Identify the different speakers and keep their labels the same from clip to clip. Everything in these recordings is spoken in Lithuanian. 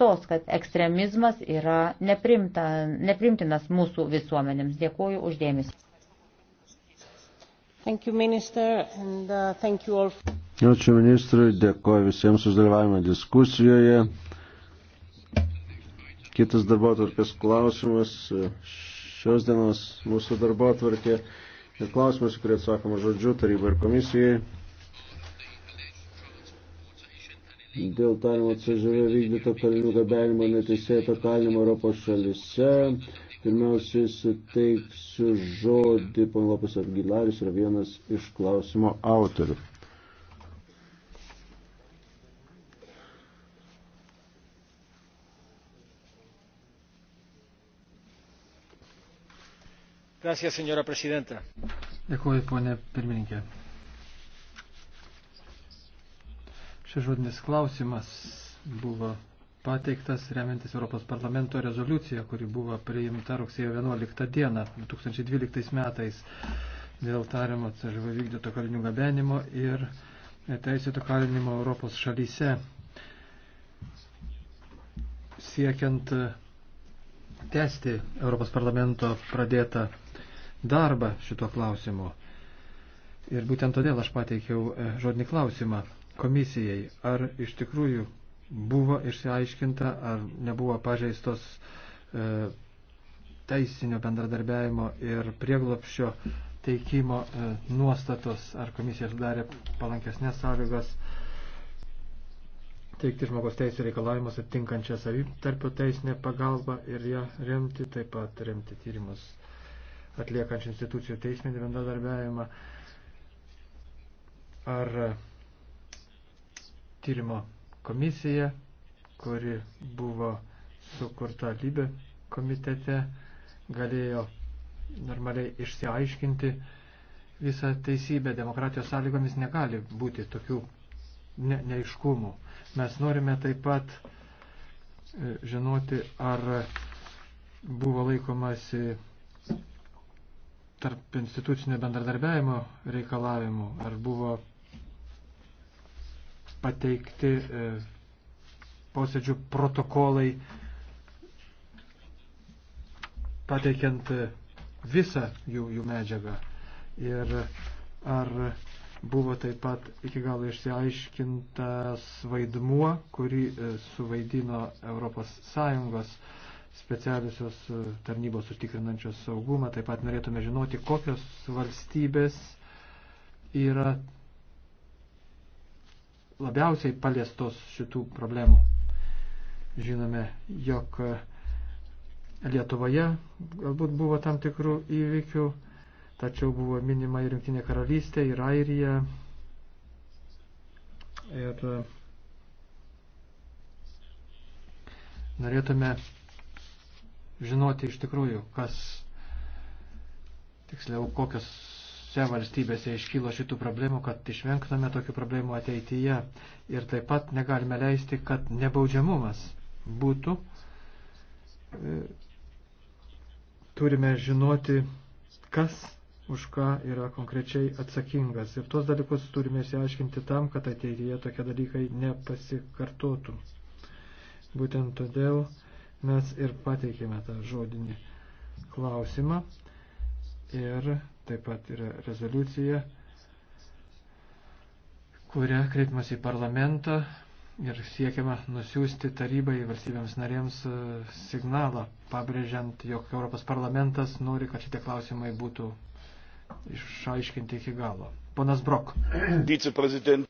Speaker 1: nuolatos, kad ekstremizmas yra neprimta, neprimtinas mūsų visuomenėms. Dėkuoju uždėmesi. You, minister, and, uh, all...
Speaker 2: Ačiū ministrui, dėkuoju visiems už dalyvavimą diskusijoje. Kitas darbo atvarkės klausimas, šios dienos mūsų darbo atvarkė ir klausimas, kurį atsakoma žodžiu tarybai ir komisijai. dėl talimo CŽV vykdyto kalinių gabenimo neteisėto kalinimo Europos šalise. Pirmiausiai suteiksiu žodį, pan Lopes Argilaris yra vienas iš klausimo autorių.
Speaker 3: Gracias, señora presidenta. Dėkuoju, ponė pirmininkė. Šis žodinis klausimas buvo pateiktas remiantis Europos parlamento rezoliucija, kuri buvo priimta rugsėjo 11 dieną 2012 metais dėl tariamo CŽV vykdyto kalinių gabenimo ir teisėto kalinimo Europos šalyse siekiant tęsti Europos parlamento pradėtą darbą šito klausimu. Ir būtent todėl aš pateikiau e, žodinį klausimą komisijai, ar iš tikrųjų buvo išsiaiškinta, ar nebuvo pažeistos e, teisinio bendradarbiavimo ir prieglopščio teikimo e, nuostatos, ar komisija sudarė palankesnės sąlygas teikti žmogaus teisų reikalavimus atitinkančią savitarpio teisinę pagalbą ir ją remti, taip pat remti tyrimus atliekančių institucijų teisminį bendradarbiavimą. Ar tyrimo komisija, kuri buvo sukurta lybė komitete, galėjo normaliai išsiaiškinti visą teisybę. Demokratijos sąlygomis negali būti tokių ne, neiškumų. Mes norime taip pat e, žinoti, ar buvo laikomasi tarp institucinio bendradarbiavimo reikalavimų, ar buvo pateikti e, posėdžių protokolai, pateikiant e, visą jų, jų medžiagą. Ir ar buvo taip pat iki galo išsiaiškintas vaidmuo, kurį e, suvaidino ES specialiusios tarnybos užtikrinančios saugumą. Taip pat norėtume žinoti, kokios valstybės yra labiausiai paliestos šitų problemų. Žinome, jog Lietuvoje galbūt buvo tam tikrų įvykių, tačiau buvo minima ir Junktinė karalystė, ir Airija. Ir e, norėtume žinoti iš tikrųjų, kas tiksliau kokios visose valstybėse iškylo šitų problemų, kad išvengtume tokių problemų ateityje. Ir taip pat negalime leisti, kad nebaudžiamumas būtų. E, turime žinoti, kas už ką yra konkrečiai atsakingas. Ir tuos dalykus turime įsiaiškinti tam, kad ateityje tokie dalykai nepasikartotų. Būtent todėl mes ir pateikėme tą žodinį klausimą ir Taip pat yra rezoliucija, kuria kreipimas į parlamentą ir siekiama nusiųsti tarybai valstybėms narėms e, signalą, pabrėžiant, jog Europos parlamentas nori, kad šitie klausimai būtų išaiškinti iki galo. Ponas Brok. Viceprezident.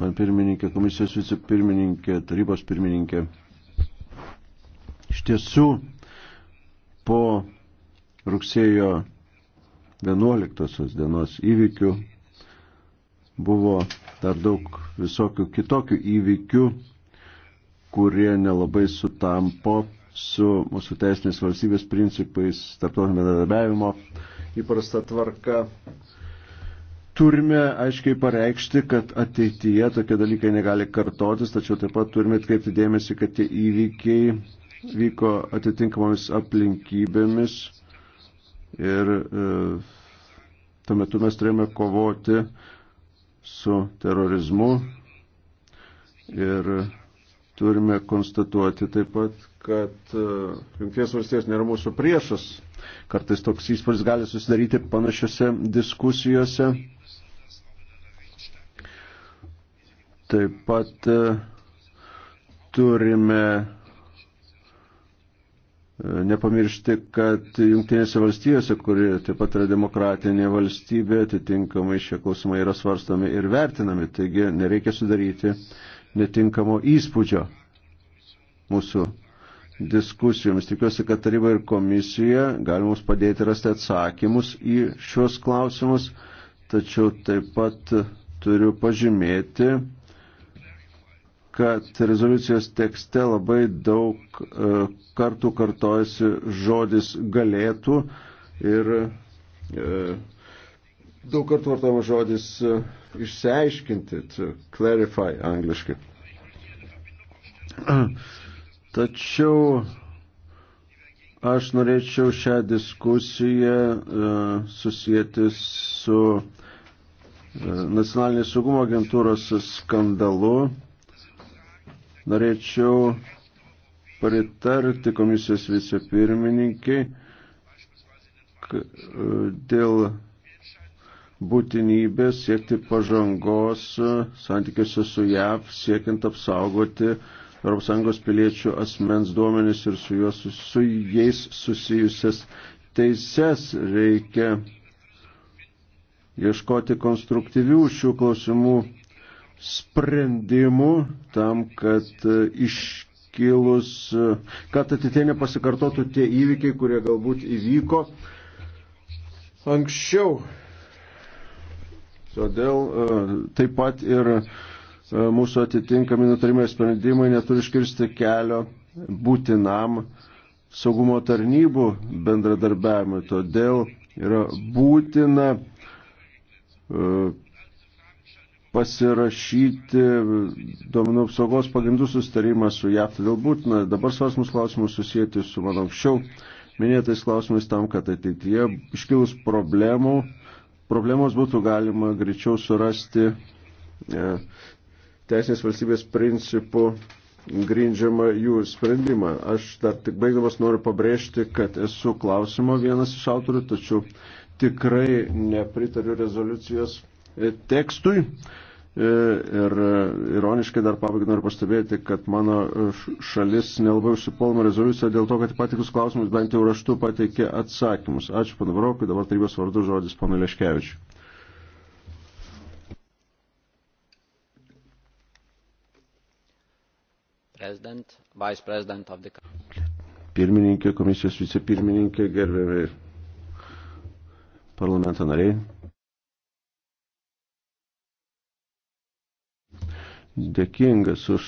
Speaker 2: Pan pirmininkė, komisijos vicepirmininkė, tarybos pirmininkė. Iš tiesų, po rugsėjo 11 dienos įvykių buvo dar daug visokių kitokių įvykių, kurie nelabai sutampo su mūsų teisinės valstybės principais, tarptautinio bendradarbiavimo įprasta tvarka. Turime aiškiai pareikšti, kad ateityje tokie dalykai negali kartotis, tačiau taip pat turime atkreipti dėmesį, kad tie įvykiai vyko atitinkamomis aplinkybėmis ir e, tuo metu mes turėjome kovoti su terorizmu ir turime konstatuoti taip pat, kad e, Junktinės valstijos nėra mūsų priešas. Kartais toks įspūdis gali susidaryti panašiose diskusijose. Taip pat e, turime Nepamiršti, kad Junktinėse valstijose, kuri taip pat yra demokratinė valstybė, atitinkamai šie klausimai yra svarstami ir vertinami, taigi nereikia sudaryti netinkamo įspūdžio mūsų diskusijomis. Tikiuosi, kad taryba ir komisija gali mums padėti rasti atsakymus į šios klausimus, tačiau taip pat turiu pažymėti, kad rezoliucijos tekste labai daug e, kartų kartojasi žodis galėtų ir e, daug kartų vartojama žodis e, išsiaiškinti, clarify angliškai. Tačiau aš norėčiau šią diskusiją susijęti su nacionalinės saugumo agentūros skandalu Norėčiau pritarti komisijos vicepirmininkiai e, dėl būtinybės siekti pažangos e, santykiuose su JAV, siekiant apsaugoti ES piliečių asmens duomenis ir su, juos, su jais susijusias teises. Reikia ieškoti konstruktyvių šių klausimų sprendimų tam, kad e, iškilus, e, kad atitė nepasikartotų tie įvykiai, kurie galbūt įvyko anksčiau. Todėl e, taip pat ir mūsų atitinkami nutarimai sprendimai neturi iškirsti kelio būtinam saugumo tarnybų bendradarbiavimui. Todėl yra būtina pasirašyti duomenų apsaugos pagrindų sustarimą su JAV. Todėl būtina dabar svarsmus klausimus susijęti su mano anksčiau minėtais klausimais tam, kad ateityje iškilus problemų, problemos būtų galima greičiau surasti e, teisinės valstybės principų grindžiama jų sprendimą. Aš dar tik baigdamas noriu pabrėžti, kad esu klausimo vienas iš autorių, tačiau tikrai nepritariu rezoliucijos tekstui. E, ir e, ironiškai dar pabaigai noriu pastebėti, kad mano e, šalis nelabai užsipolno rezoliuciją dėl to, kad patikus klausimus bent jau raštu pateikė atsakymus. Ačiū pana Brokui, dabar tarybos vardu žodis pana Leškevičiu. The... Pirmininkė, komisijos vicepirmininkė, gerbiami parlamento nariai. dėkingas už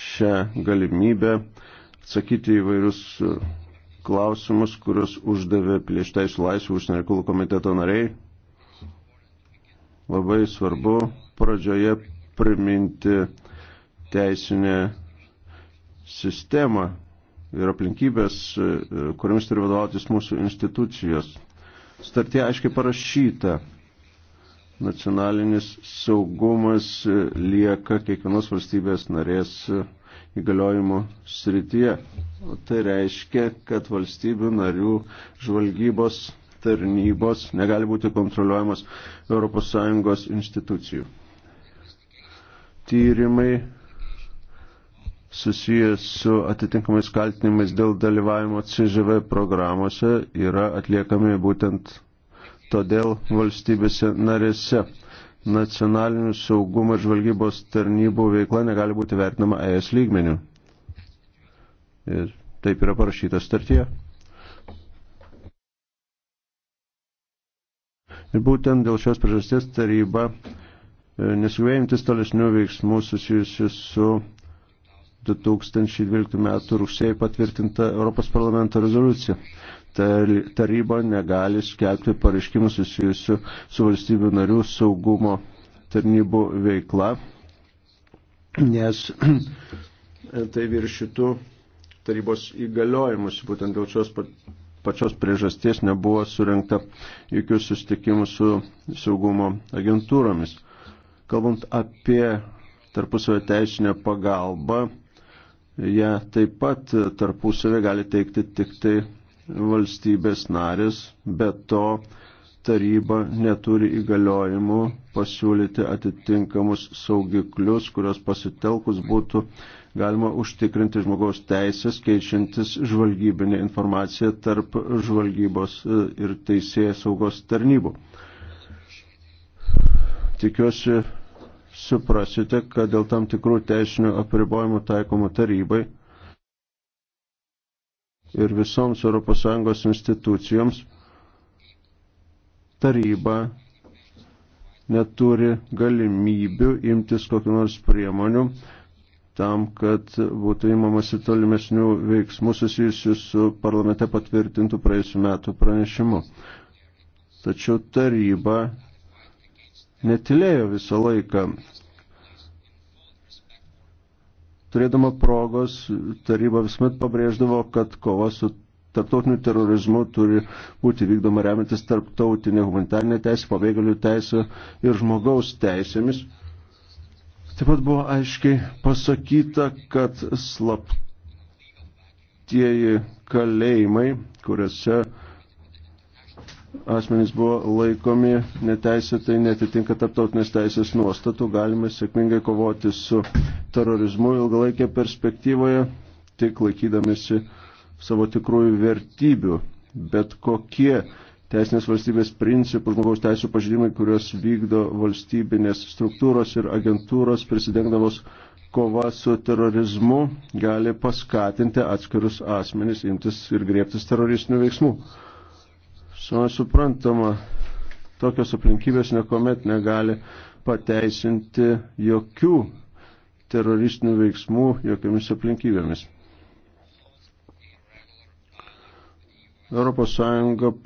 Speaker 2: šią galimybę atsakyti įvairius klausimus, kuriuos uždavė prieš teisų laisvų užsienio reikalų komiteto nariai. Labai svarbu pradžioje priminti teisinę sistemą ir aplinkybės, kuriamis turi vadovautis mūsų institucijos. Startie aiškiai parašyta, nacionalinis saugumas lieka kiekvienos valstybės narės įgaliojimo srityje. O tai reiškia, kad valstybių narių žvalgybos tarnybos negali būti kontroliuojamas ES institucijų. Tyrimai susijęs su atitinkamais kaltinimais dėl dalyvavimo CŽV programuose yra atliekami būtent todėl valstybėse narėse nacionalinių saugumo ir žvalgybos tarnybų veikla negali būti vertinama ES lygmeniu. Ir taip yra parašyta startyje. Ir būtent dėl šios priežasties taryba e, nesugrėjantis tolesnių veiksmų susijusių su 2012 m. rugsėjai patvirtinta Europos parlamento rezoliucija taryba negali skelbti pareiškimų susijusių su valstybių narių saugumo tarnybų veikla, nes tai viršytų tarybos įgaliojimus. Būtent dėl šios pačios priežasties nebuvo surinkta jokių susitikimų su saugumo agentūromis. Kalbant apie tarpusavio teisinę pagalbą, ją ja, taip pat tarpusavio gali teikti tik tai valstybės narės, bet to taryba neturi įgaliojimų pasiūlyti atitinkamus saugiklius, kurios pasitelkus būtų galima užtikrinti žmogaus teisės, keičiantis žvalgybinę informaciją tarp žvalgybos e, ir teisėjai saugos tarnybų. Tikiuosi, suprasite, kad dėl tam tikrų teisinių apribojimų taikomų tarybai ir visoms ES institucijoms taryba neturi galimybių imtis kokiu nors priemonių tam, kad būtų įmamasi tolimesnių veiksmų susijusių su parlamente patvirtintų praėjusiu metu pranešimu. Tačiau taryba netilėjo visą laiką Turėdama progos, taryba visuomet pabrėždavo, kad kova su tarptautiniu terorizmu turi būti vykdoma remiantis tarptautinė humanitarinė teisė, pabėgalių teisė ir žmogaus teisėmis. Taip pat buvo aiškiai pasakyta, kad slaptieji kalėjimai, kuriuose asmenys buvo laikomi neteisėtai netitinka tarptautinės teisės nuostatų, galime sėkmingai kovoti su terorizmu ilgalaikė perspektyvoje, tik laikydamėsi savo tikrųjų vertybių. Bet kokie teisinės valstybės principų, žmogaus teisų pažydimai, kurios vykdo valstybinės struktūros ir agentūros prisidengdamos kova su terorizmu, gali paskatinti atskirus asmenys imtis ir griebtis teroristinių veiksmų. Savai suprantama, tokios aplinkybės niekuomet negali pateisinti jokių teroristinių veiksmų jokiamis aplinkybėmis. ES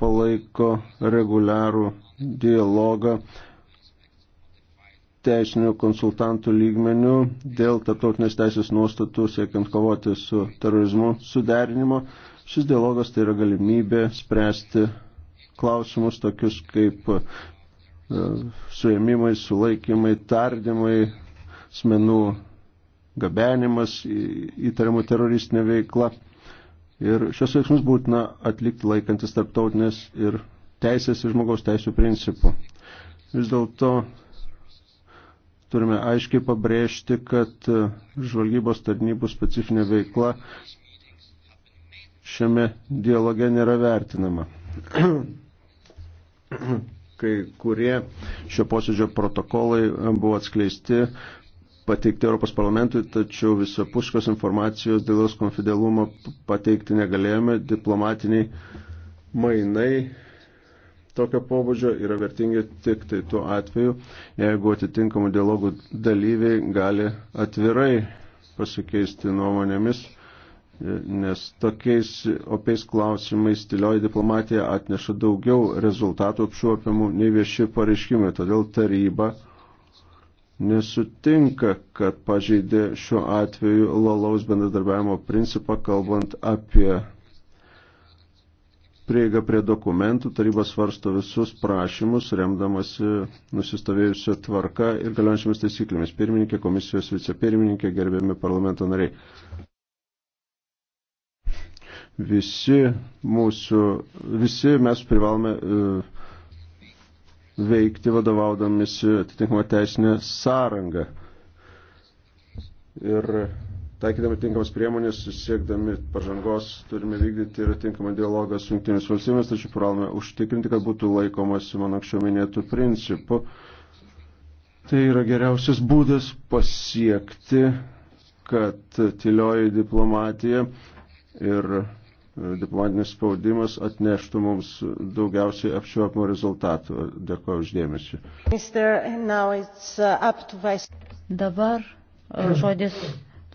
Speaker 2: palaiko reguliarų dialogą teisinių konsultantų lygmenių dėl tarptautinės teisės nuostatų siekiant kovoti su terorizmu suderinimo. Šis dialogas tai yra galimybė spręsti klausimus, tokius kaip e, suėmimai, sulaikymai, tardymai, asmenų gabenimas, įtariamų teroristinė veikla. Ir šios veiksmus būtina atlikti laikantis tarptautinės ir teisės ir žmogaus teisų principų. Vis dėlto turime aiškiai pabrėžti, kad e, žvalgybos tarnybų specifinė veikla šiame dialoge nėra vertinama. kai kurie šio posėdžio protokolai e, buvo atskleisti pateikti Europos parlamentui, tačiau visapuškos informacijos dėl jos konfidelumo pateikti negalėjome. Diplomatiniai mainai tokio pobūdžio yra vertingi tik tai tuo atveju, jeigu atitinkamų dialogų dalyviai gali atvirai pasikeisti nuomonėmis nes tokiais opiais klausimais tylioji diplomatija atneša daugiau rezultatų apčiuopiamų nei vieši pareiškimai. Todėl taryba nesutinka, kad pažeidė šiuo atveju lalaus bendradarbiavimo principą, kalbant apie prieiga prie dokumentų, taryba svarsto visus prašymus, remdamasi nusistovėjusią tvarką ir galiojančiamis taisyklėmis. Pirmininkė, komisijos vicepirmininkė, gerbėmi parlamento nariai visi mūsų, visi mes privalome e, veikti vadovaudomis atitinkamą teisinę sąrangą. Ir taikydami tinkamas priemonės, siekdami pažangos, turime vykdyti ir tinkamą dialogą su jungtinėmis valstybėmis, tačiau privalome užtikrinti, kad būtų laikomasi man anksčiau minėtų principų. Tai yra geriausias būdas pasiekti, kad tylioji diplomatija ir diplomatinis spaudimas atneštų mums daugiausiai apčiuopimo rezultatų. Dėkuoju uždėmesi.
Speaker 4: Uh,
Speaker 1: Dabar uh, žodis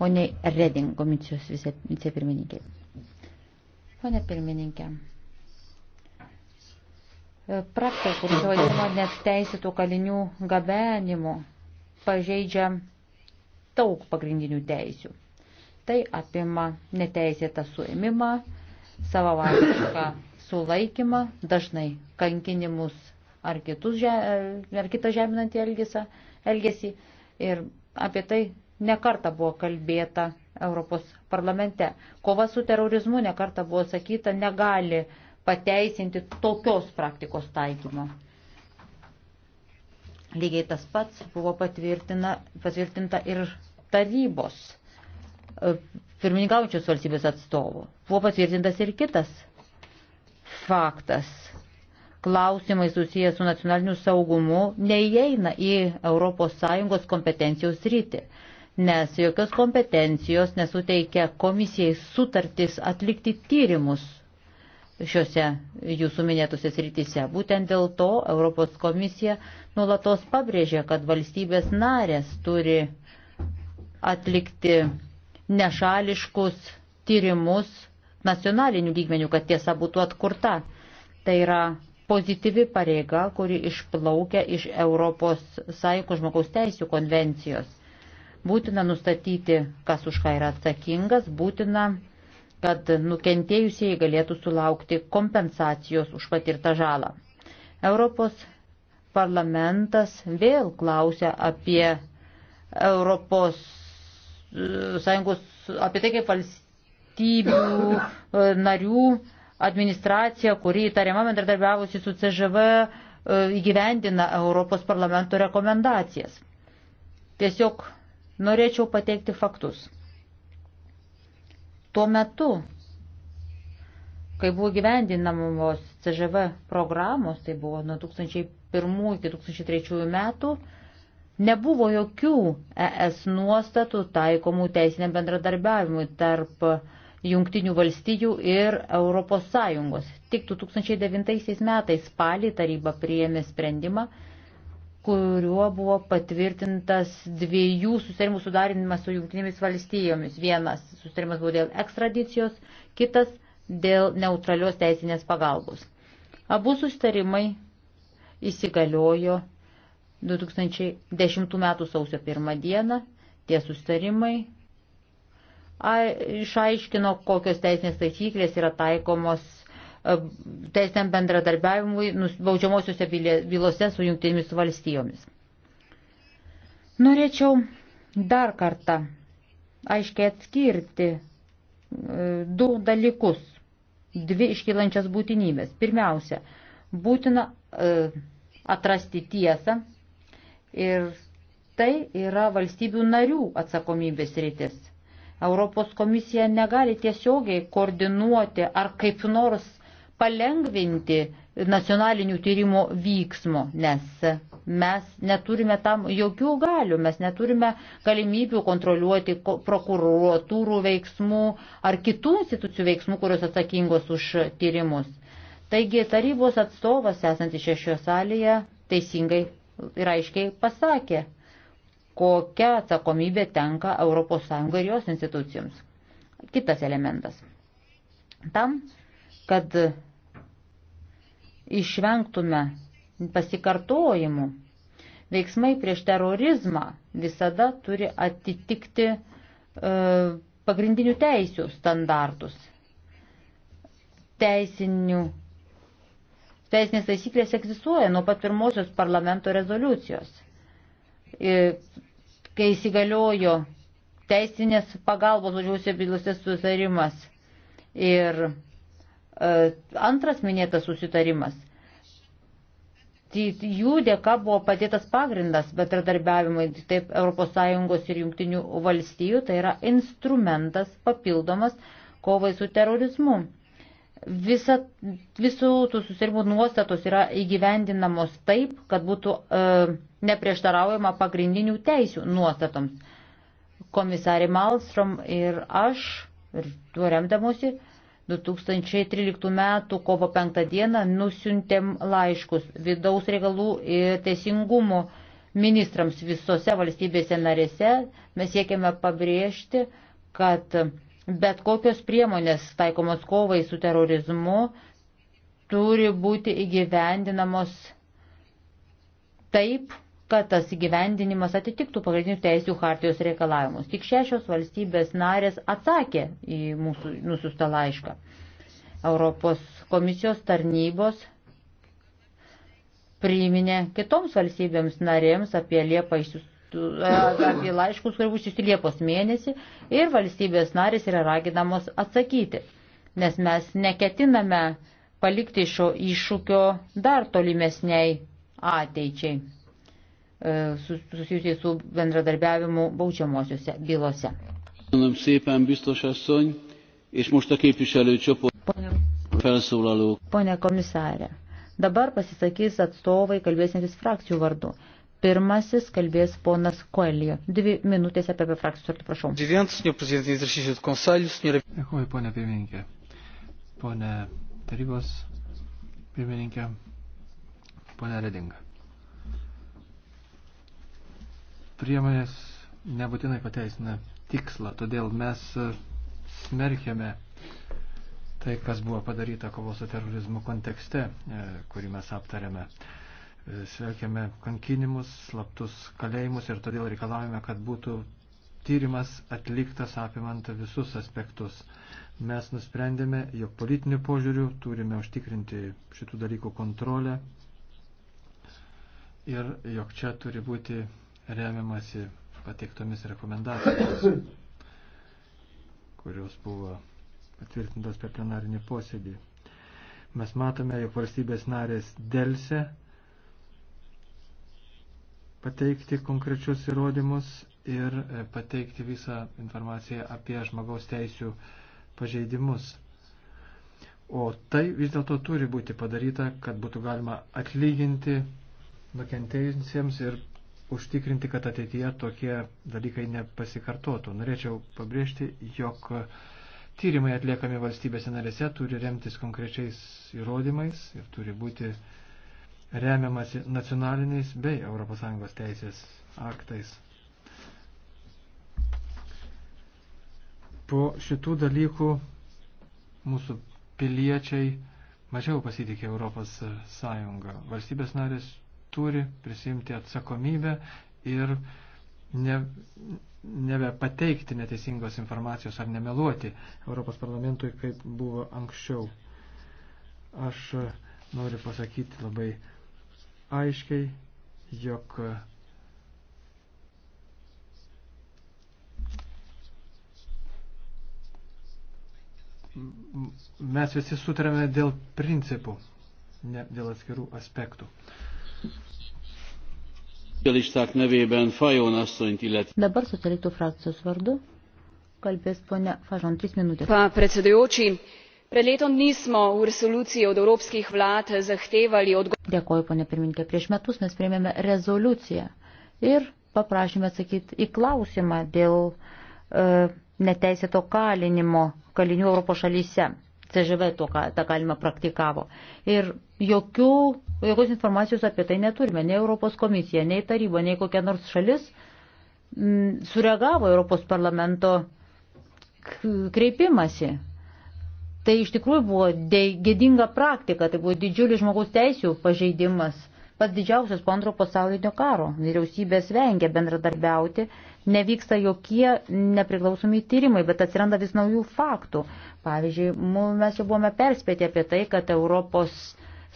Speaker 1: poniai Reding, komisijos vicepirmininkė. Pone pirmininkė. E, Praktikų žodimo net teisėtų kalinių gabenimo pažeidžia daug pagrindinių teisių. Tai apima neteisėtą suėmimą, savavališką sulaikymą, dažnai kankinimus ar, kitus, ar kitą žeminantį elgesą, elgesį. Ir apie tai nekarta buvo kalbėta Europos parlamente. Kova su terorizmu nekarta buvo sakyta, negali pateisinti tokios praktikos taikymo. Lygiai tas pats buvo patvirtinta ir tarybos pirmininkaujančios valstybės atstovų. Buvo patvirtintas ir kitas faktas. Klausimai susijęs su nacionaliniu saugumu neįeina į ES kompetencijos rytį, nes jokios kompetencijos nesuteikia komisijai sutartis atlikti tyrimus šiuose jūsų minėtose srityse. Būtent dėl to Europos komisija nuolatos pabrėžia, kad valstybės narės turi atlikti nešališkus tyrimus nacionalinių lygmenių, kad tiesa būtų atkurta. Tai yra pozityvi pareiga, kuri išplaukia iš ES žmogaus teisų konvencijos. Būtina nustatyti, kas už ką yra atsakingas, būtina, kad nukentėjusieji galėtų sulaukti kompensacijos už patirtą žalą. Europos parlamentas vėl klausia apie Europos sąjungos, apie tai, kaip valstybių e, narių administracija, kuri įtariama bendradarbiavusi su CŽV, e, įgyvendina Europos parlamento rekomendacijas. Tiesiog norėčiau pateikti faktus. Tuo metu, kai buvo gyvendinamos CŽV programos, tai buvo nuo 2001 iki 2003 metų, Nebuvo jokių ES nuostatų taikomų teisiniam bendradarbiavimui tarp Junktinių valstijų ir ES. Tik 2009 metais spalį taryba priėmė sprendimą, kuriuo buvo patvirtintas dviejų susitarimų sudarinimas su Junktinėmis valstijomis. Vienas susitarimas buvo dėl ekstradicijos, kitas dėl neutralios teisinės pagalbos. Abu susitarimai įsigaliojo 2010 m. sausio 1 dieną tie sustarimai išaiškino, kokios teisinės taisyklės yra taikomos e, teisiniam bendradarbiavimui baudžiamosiuose bylose su jungtinėmis valstijomis. Norėčiau dar kartą aiškiai atskirti e, du dalykus, dvi iškylančias būtinybės. Pirmiausia, būtina e, atrasti tiesą Ir tai yra valstybių narių atsakomybės rytis. Europos komisija negali tiesiogiai koordinuoti ar kaip nors palengvinti nacionalinių tyrimų vyksmo, nes mes neturime tam jokių galių, mes neturime galimybių kontroliuoti prokuratūrų veiksmų ar kitų institucijų veiksmų, kurios atsakingos už tyrimus. Taigi tarybos atstovas, esantis šešioje salėje, teisingai ir aiškiai pasakė, kokia atsakomybė tenka ES ir jos institucijoms. Kitas elementas. Tam, kad išvengtume pasikartojimų, veiksmai prieš terorizmą visada turi atitikti e, pagrindinių teisių standartus. Teisinių Teisinės taisyklės egzistuoja nuo pat pirmosios parlamento rezoliucijos. Kai įsigaliojo teisinės pagalbos važiuose bylose susitarimas ir e, antras minėtas susitarimas, tai jų dėka buvo padėtas pagrindas bendradarbiavimui taip ES ir jungtinių valstijų, tai yra instrumentas papildomas kovai su terorizmu. Visa, visų tų susirgimų nuostatos yra įgyvendinamos taip, kad būtų e, neprieštaraujama pagrindinių teisių nuostatoms. Komisarė Malstrom ir aš, ir tuo remdamosi, 2013 m. kovo 5 d. nusiuntėm laiškus vidaus reikalų ir teisingumo ministrams visose valstybėse narėse. Mes siekiame pabrėžti, kad bet kokios priemonės taikomos kovai su terorizmu turi būti įgyvendinamos taip, kad tas įgyvendinimas atitiktų pagrindinių teisų hartijos reikalavimus. Tik šešios valstybės narės atsakė į mūsų nusustą laišką. Europos komisijos tarnybos priiminė kitoms valstybėms narėms apie Liepą išsiųstus apie laiškus, kurie bus išti Liepos mėnesį ir valstybės narės yra raginamos atsakyti, nes mes neketiname palikti šio iššūkio dar tolimesniai ateičiai e, susijusiai su bendradarbiavimu baudžiamosiuose bylose.
Speaker 2: Köszönöm szépen, biztos asszony, és most a képviselőcsoport felszólalók.
Speaker 1: Pone komisárė, dabar pasisakys atstovai kalbėsiantis frakcijų vardu. Pirmasis kalbės ponas Koelio. Dvi minutės apie frakcijų sartų, prašau.
Speaker 3: Dėkuoju, ponė pirmininkė. Ponė tarybos pirmininkė, ponė Redinga. Priemonės nebūtinai pateisina tikslą, todėl mes smerkėme tai, kas buvo padaryta kovos su terorizmu kontekste, e, kurį mes aptarėme siekiame kankinimus, slaptus kalėjimus ir todėl reikalavime, kad būtų tyrimas atliktas apimant visus aspektus. Mes nusprendėme, jog politiniu požiūriu turime užtikrinti šitų dalykų kontrolę ir jog čia turi būti remiamasi pateiktomis rekomendacijomis, kurios buvo patvirtintos per plenarinį posėdį. Mes matome, jog valstybės narės dėlse pateikti konkrečius įrodymus ir e, pateikti visą informaciją apie žmogaus teisų pažeidimus. O tai vis dėlto turi būti padaryta, kad būtų galima atlyginti nukentėjusiems ir užtikrinti, kad ateityje tokie dalykai nepasikartotų. Norėčiau pabrėžti, jog tyrimai atliekami valstybėse narėse turi remtis konkrečiais įrodymais ir turi būti uh, remiamasi nacionaliniais bei ES teisės aktais. Po šitų dalykų mūsų piliečiai mažiau pasitikė Europos Sąjungą. Valstybės narės turi prisimti atsakomybę ir ne, nebepateikti neteisingos informacijos ar nemeluoti Europos parlamentui, kaip buvo anksčiau. Aš noriu pasakyti labai aiškiai, jog mes visi sutarėme dėl principų, ne dėl atskirų aspektų.
Speaker 2: Dabar socialistų
Speaker 1: frakcijos vardu kalbės ponia Fažon, 3 minutės. Pa,
Speaker 4: pred letom dni smo v resoluciji od evropskih vlad zahtevali
Speaker 1: Dėkoju, ponė pirmininkė. Prieš metus mes priėmėme rezoliuciją ir paprašėme atsakyti į klausimą dėl e, neteisėto kalinimo kalinių Europos šalyse. CŽV to, ką, tą kalimą praktikavo. Ir jokių, jokios informacijos apie tai neturime. Nei Europos komisija, nei taryba, nei kokia nors šalis m, mm, sureagavo Europos parlamento kreipimasi. Tai iš tikrųjų buvo gėdinga praktika, tai buvo didžiulis žmogaus teisų pažeidimas, pats didžiausias po antro pasaulinio karo. Vyriausybės vengia bendradarbiauti, nevyksta jokie nepriklausomi tyrimai, bet atsiranda vis naujų faktų. Pavyzdžiui, mes jau buvome perspėti apie tai, kad Europos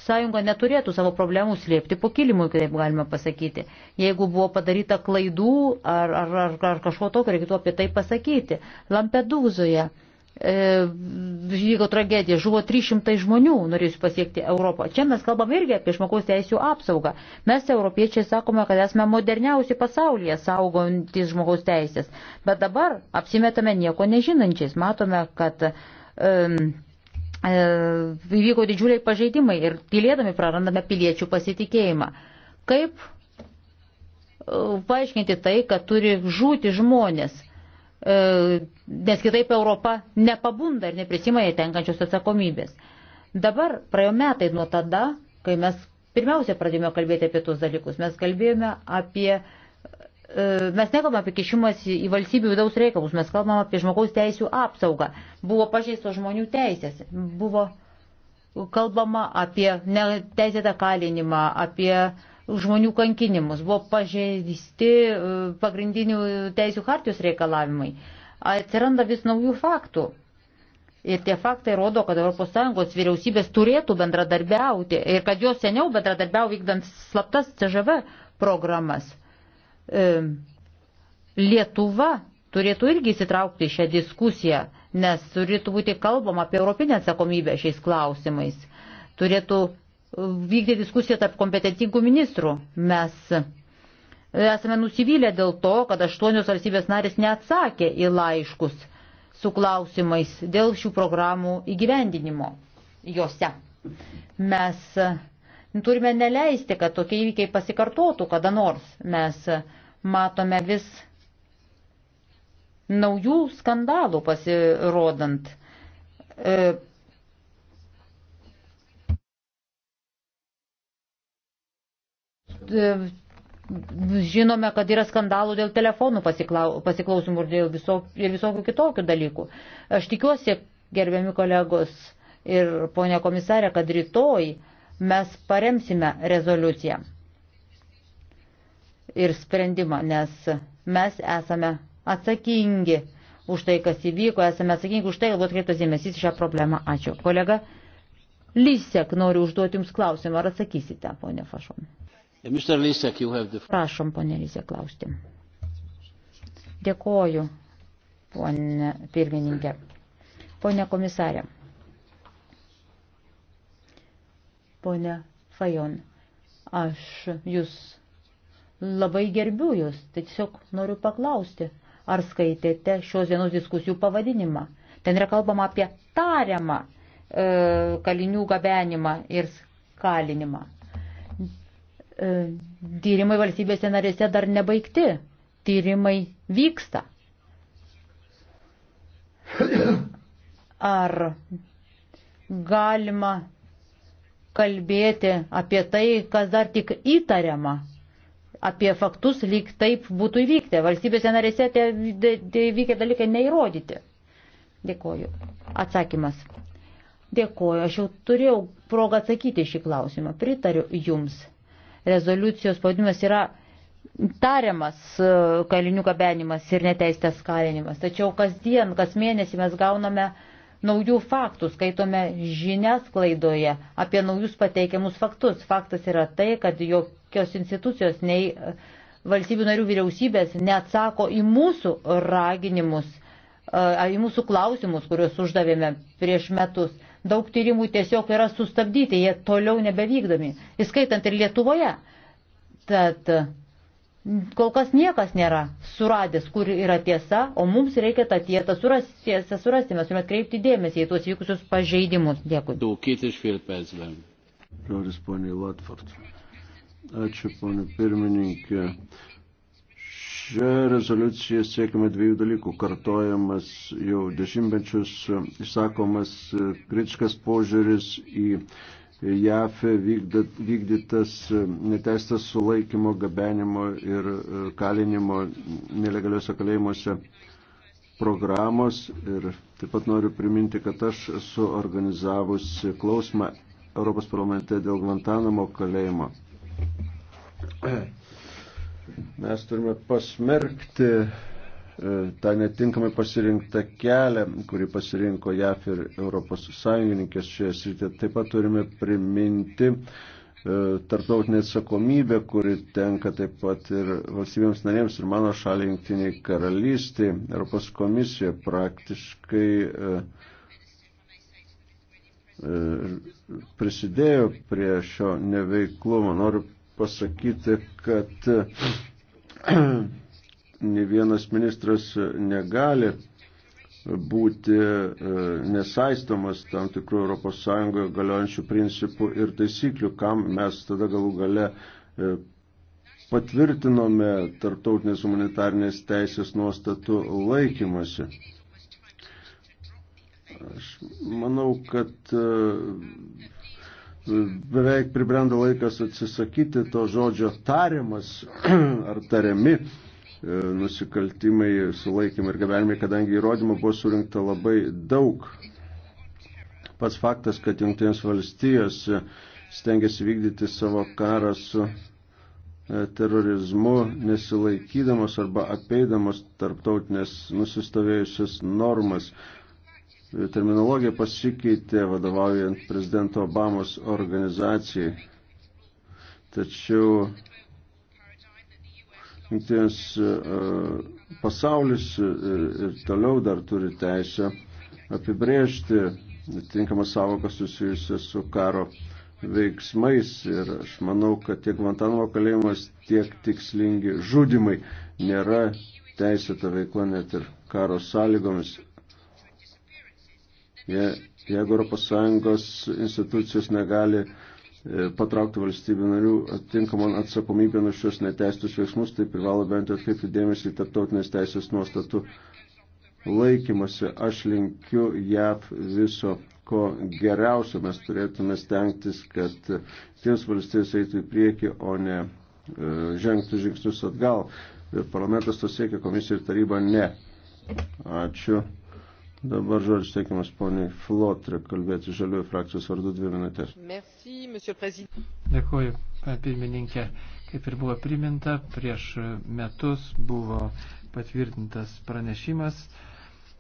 Speaker 1: sąjunga neturėtų savo problemų slėpti po kilimu, kaip galima pasakyti. Jeigu buvo padaryta klaidų ar, ar, ar, ar kažko tokio, reikėtų apie tai pasakyti. Lampedūzoje E, vyko tragedija, žuvo 300 žmonių, norėjusių pasiekti Europą. Čia mes kalbame irgi apie žmogaus teisų apsaugą. Mes, europiečiai, sakome, kad esame moderniausi pasaulyje saugantis žmogaus teisės. Bet dabar apsimetame nieko nežinančiais. Matome, kad um, vyko didžiuliai pažeidimai ir tylėdami prarandame piliečių pasitikėjimą. Kaip e, paaiškinti tai, kad turi žūti žmonės? E, nes kitaip Europa nepabunda ir neprisima jai tenkančios atsakomybės. Dabar praėjo metai nuo tada, kai mes pirmiausia pradėjome kalbėti apie tuos dalykus. Mes kalbėjome apie, e, mes nekalbame apie kišimas į valstybių vidaus reikalus, mes kalbame apie žmogaus teisų apsaugą. Buvo pažeistos žmonių teisės, buvo kalbama apie neteisėtą kalinimą, apie uh, žmonių kankinimus, buvo pažeisti e, pagrindinių teisų hartijos reikalavimai. Atsiranda vis naujų faktų. Ir tie faktai rodo, kad ES vyriausybės turėtų bendradarbiauti ir kad jos seniau bendradarbiau vykdant slaptas CŽV programas. E, Lietuva turėtų irgi įsitraukti šią diskusiją, nes turėtų būti kalbama apie europinę atsakomybę šiais klausimais. Turėtų vykdė diskusiją tarp kompetentingų ministrų. Mes esame nusivylę dėl to, kad aštuonios valstybės narės neatsakė į laiškus su klausimais dėl šių programų įgyvendinimo juose. Mes turime neleisti, kad tokie įvykiai pasikartotų kada nors. Mes matome vis naujų skandalų pasirodant. E, E, žinome, kad yra skandalų dėl telefonų pasiklausimų ir, dėl viso, ir visokių kitokių dalykų. Aš tikiuosi, gerbiami kolegos ir ponia komisarė, kad rytoj mes paremsime rezoliuciją ir sprendimą, nes mes esame atsakingi už tai, kas įvyko, esame atsakingi už tai, kad buvo atkreiptas dėmesys šią problemą. Ačiū. Kolega Lysek, noriu užduoti Jums klausimą, ar atsakysite, ponia Fašon?
Speaker 3: Lisek, the...
Speaker 1: Prašom, ponė Lysė, klausti. Dėkoju, ponė pirmininkė. Ponė komisarė. Ponė Fajon, aš jūs labai gerbiu jūs, tai tiesiog noriu paklausti, ar skaitėte šios dienos diskusijų pavadinimą. Ten yra kalbama apie tariamą e, kalinių gabenimą ir kalinimą. E, tyrimai valstybėse narėse dar nebaigti. Tyrimai vyksta. Ar galima kalbėti apie tai, kas dar tik įtariama, apie faktus lyg taip būtų įvykti. Valstybėse narėse tie, tie vykę dalykai neįrodyti. Dėkoju. Atsakymas. Dėkoju, aš jau turėjau progą atsakyti šį klausimą. Pritariu jums. Rezoliucijos pavadimas yra tariamas e, kalinių gabenimas ir neteistės kalinimas. Tačiau kasdien, kas mėnesį mes gauname naujų faktų, skaitome žiniasklaidoje apie naujus pateikiamus faktus. Faktas yra tai, kad jokios institucijos nei e, valstybių narių vyriausybės neatsako į mūsų raginimus, e, į mūsų klausimus, kuriuos uždavėme prieš metus daug tyrimų tiesiog yra sustabdyti, jie toliau nebevykdomi, įskaitant ir Lietuvoje. Tad kol kas niekas nėra suradęs, kur yra tiesa, o mums reikia tą tiesą surasti, tiesą surasti. mes turime kreipti dėmesį į tuos vykusius pažeidimus. Dėkui.
Speaker 2: Žodis poniai Latvart. Ačiū, ponė pirmininkė. Čia rezoliucija siekiama dviejų dalykų. Kartojamas jau dešimtmečius išsakomas kritiškas požiūris į JAF vykdytas neteistas sulaikymo, gabenimo ir kalinimo nelegaliuose kalėjimuose programos. Ir taip pat noriu priminti, kad aš esu organizavusi klausimą Europos parlamente dėl Guantanamo kalėjimo Mes turime pasmerkti e, tą netinkamai pasirinktą kelią, kurį pasirinko JAF ir Europos sąjungininkės šioje srityje. Taip pat turime priminti e, tarptautinė atsakomybė, kuri tenka taip pat ir valstybėms narėms ir mano šaliai jungtiniai karalystiai. Europos komisija praktiškai e, prisidėjo prie šio neveiklumo. Noriu pasakyti, kad ne vienas ministras negali būti e, nesaistomas tam tikrų ES galiojančių principų ir taisyklių, kam mes tada galų gale e, patvirtinome tarptautinės humanitarnės teisės nuostatų laikymasi. Aš manau, kad e, beveik pribrendo laikas atsisakyti to žodžio tariamas ar tariami e, nusikaltimai, sulaikymai ir gabenimai, kadangi įrodymų buvo surinkta labai daug. Pats faktas, kad Junktinės valstijos stengiasi vykdyti savo karą su e, terorizmu, nesilaikydamos arba apeidamos tarptautinės nusistovėjusias normas. Terminologija pasikeitė vadovaujant prezidento Obamos organizacijai. Tačiau jungtinės e, pasaulis ir toliau dar turi teisę apibrėžti tinkamą savoką susijusią su karo veiksmais ir aš manau, kad tiek Guantanamo kalėjimas, tiek tikslingi žudimai nėra teisėta veikla net ir karo sąlygomis Jeigu ES institucijos negali e, patraukti valstybių narių atitinkamą atsakomybę nuo šios neteistus veiksmus, tai privalo bent jau atkreipti dėmesį į tarptautinės teisės nuostatų laikymasi. Aš linkiu JAV viso ko geriausio. Mes turėtume stengtis, kad tiems valstybės eitų į priekį, o ne e, žengtų žingsnius atgal. Parlamentas to siekia, komisija ir taryba ne. Ačiū. Dabar žodžiu teikiamas poniai Flotre kalbėti žaliųjų frakcijos vardu dvi minutės.
Speaker 5: Merci,
Speaker 3: Dėkuoju, pirmininkė. Kaip ir buvo priminta, prieš metus buvo patvirtintas pranešimas.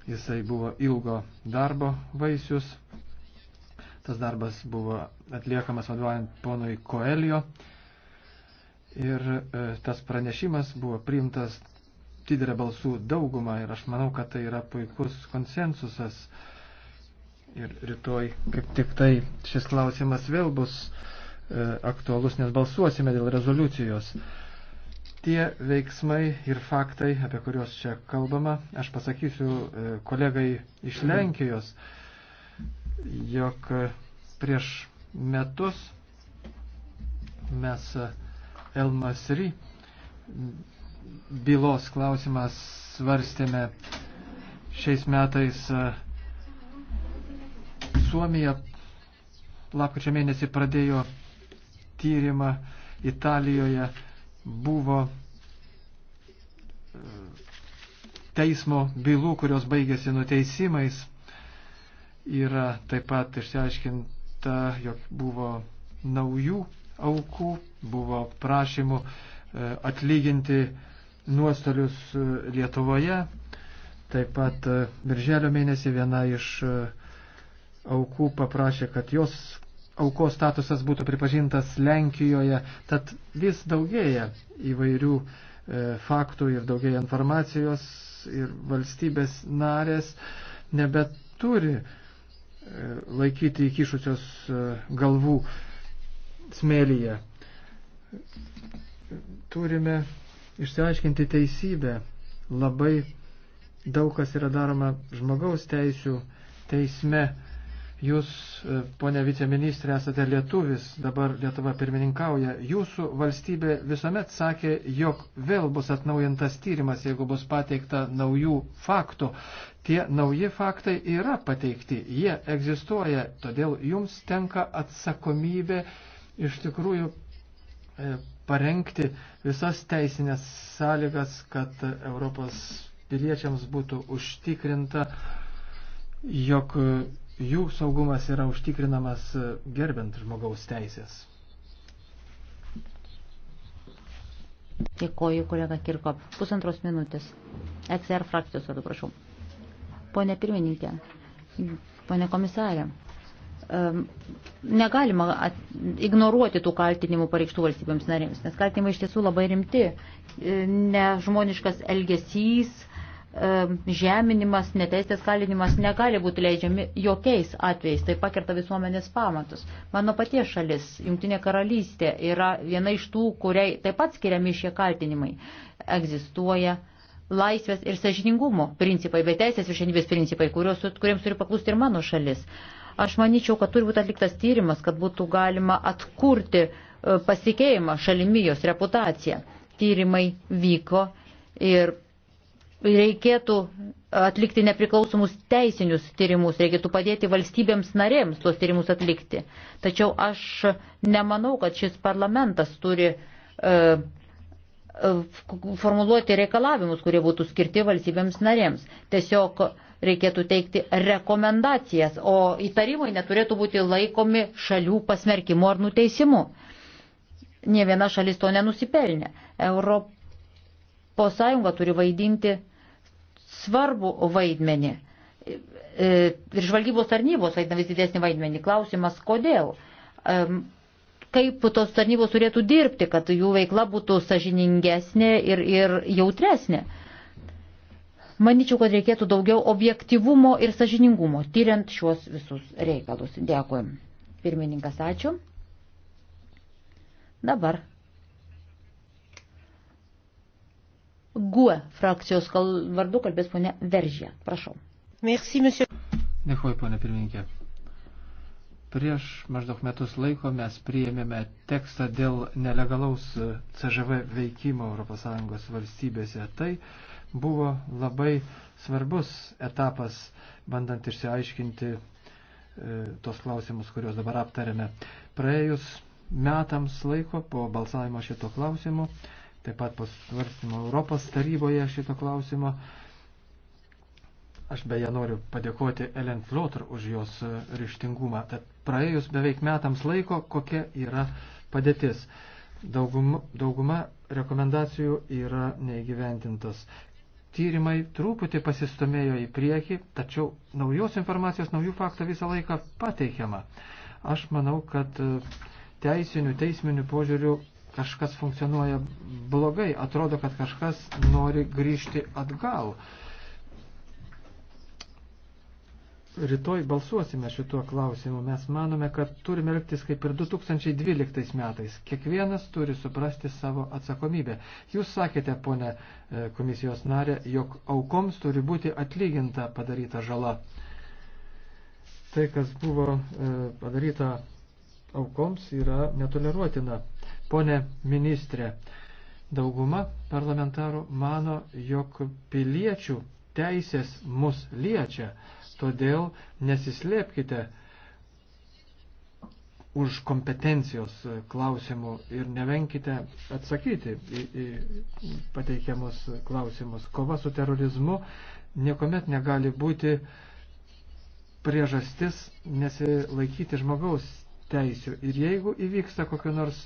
Speaker 3: Jisai buvo ilgo darbo vaisius. Tas darbas buvo atliekamas vadovaujant ponui Koelio. Ir e, tas pranešimas buvo priimtas didelę balsų daugumą ir aš manau, kad tai yra puikus konsensusas. Ir rytoj kaip tik tai šis klausimas vėl bus e, aktualus, nes balsuosime dėl rezoliucijos. Tie veiksmai ir faktai, apie kuriuos čia kalbama, aš pasakysiu e, kolegai iš Lenkijos, jog e, prieš metus mes Elmasri bylos klausimas svarstėme šiais metais e, Suomija lapkričio mėnesį pradėjo tyrimą Italijoje buvo e, teismo bylų, kurios baigėsi nuteisimais. Yra taip pat išsiaiškinta, jog buvo naujų aukų, buvo prašymų e, atlyginti nuostolius e, Lietuvoje. Taip pat e, birželio mėnesį viena iš e, aukų paprašė, kad jos aukos statusas būtų pripažintas Lenkijoje. Tad vis daugėja įvairių e, faktų ir daugėja informacijos ir valstybės narės nebeturi e, laikyti įkišusios e, galvų smėlyje. Turime išsiaiškinti teisybę. Labai daug kas yra daroma žmogaus teisų teisme. Jūs, e, ponė viceministrė, esate lietuvis, dabar Lietuva pirmininkauja. Jūsų valstybė visuomet sakė, jog vėl bus atnaujintas tyrimas, jeigu bus pateikta naujų faktų. Tie nauji faktai yra pateikti, jie egzistuoja, todėl jums tenka atsakomybė iš tikrųjų e, parengti visas teisinės sąlygas, kad Europos piliečiams būtų užtikrinta, jog jų saugumas yra užtikrinamas gerbent žmogaus teisės.
Speaker 1: Dėkoju, kolega Kirko. Pusantros minutės. ECR frakcijos vardu, prašau. Pone pirmininkė, pone komisarė, Ehm, negalima at, ignoruoti tų kaltinimų pareikštų valstybėms narėms, nes kaltinimai iš tiesų labai rimti. E, nežmoniškas elgesys, ehm, žeminimas, neteistės kalinimas negali būti leidžiami jokiais atvejais, tai pakerta visuomenės pamatus. Mano paties šalis, Junktinė karalystė, yra viena iš tų, kuriai taip pat skiriami šie kaltinimai. Egzistuoja laisvės ir sažiningumo principai, bei teisės viršenybės principai, kurios, kuriems turi paklusti ir mano šalis. Uh, Aš manyčiau, kad turi būti atliktas tyrimas, kad būtų galima atkurti e, pasikeimą šalimi jos reputaciją. Tyrimai vyko ir reikėtų atlikti nepriklausomus teisinius tyrimus, reikėtų padėti valstybėms narėms tuos tyrimus atlikti. Tačiau aš nemanau, kad šis parlamentas turi uh, formuluoti reikalavimus, kurie būtų skirti valstybėms narėms. Tiesiog uh, reikėtų teikti rekomendacijas, o įtarimai neturėtų būti laikomi šalių pasmerkimu ar nuteisimu. Nie viena šalis to nenusipelnė. Europos Sąjunga turi vaidinti svarbu vaidmenį. E, ir žvalgybos tarnybos vaidina vis didesnį vaidmenį. Klausimas, kodėl? E, kaip tos tarnybos turėtų dirbti, kad jų veikla būtų sažiningesnė ir, ir jautresnė. Maničiau, kad reikėtų daugiau objektivumo ir sažiningumo, tyriant šiuos visus reikalus. Dėkui. Pirmininkas, ačiū. Dabar. GUE frakcijos kal... vardu kalbės ponė Veržė. Prašau. Merci,
Speaker 3: monsieur. Dėkuoju, ponė pirmininkė. Prieš maždaug metus laiko mes priėmėme tekstą dėl nelegalaus e, CŽV veikimo ES valstybėse. Tai buvo labai svarbus etapas, bandant išsiaiškinti e, tos klausimus, kuriuos dabar aptarėme. Praėjus metams laiko po balsavimo šito klausimu, taip pat po svarstymo Europos taryboje šito klausimo, aš beje noriu padėkoti Ellen Flotr už jos e, ryštingumą. Tad praėjus beveik metams laiko, kokia yra padėtis. Dauguma, dauguma rekomendacijų yra neįgyventintas tyrimai truputį pasistumėjo į priekį, tačiau naujos informacijos, naujų faktų visą laiką pateikiama. Aš manau, kad e, teisinių, teisminių požiūrių kažkas funkcionuoja blogai, atrodo, kad kažkas nori grįžti atgal. Uh, rytoj balsuosime šituo klausimu. Mes manome, kad turime elgtis kaip ir 2012 metais. Kiekvienas turi suprasti savo atsakomybę. Jūs sakėte, ponė e, komisijos narė, jog aukoms turi būti atlyginta padaryta žala. Tai, kas buvo e, padaryta aukoms, yra netoleruotina. Pone ministrė, dauguma parlamentarų mano, jog piliečių teisės mus liečia. Todėl nesislėpkite už kompetencijos klausimų ir nevenkite atsakyti į, į pateikiamus klausimus. Kova su terorizmu niekuomet negali būti priežastis nesilaikyti žmogaus teisių. Ir jeigu įvyksta kokiu nors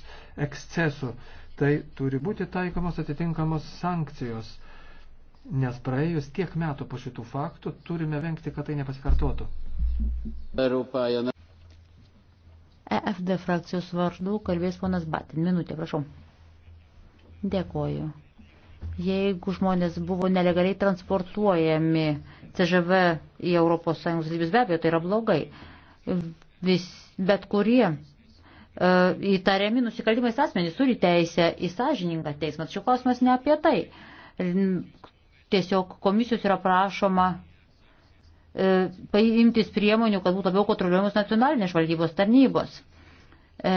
Speaker 3: ekscesu, tai turi būti taikomos atitinkamos sankcijos Nes praėjus tiek metų po šitų faktų turime vengti, kad tai nepasikartotų.
Speaker 1: EFD frakcijos vardu kalbės ponas Batin. Minutė, prašau. Dėkoju. Jeigu žmonės buvo nelegaliai transportuojami CŽV į ES lygis, be abejo, tai yra blogai. Vis, bet kurie uh, įtariami nusikaltimais asmenys turi teisę į sąžiningą teismą. Tačiau klausimas ne apie tai tiesiog komisijos yra prašoma e, paimtis priemonių, kad būtų labiau kontroliuojamos nacionalinės žvalgybos tarnybos. E,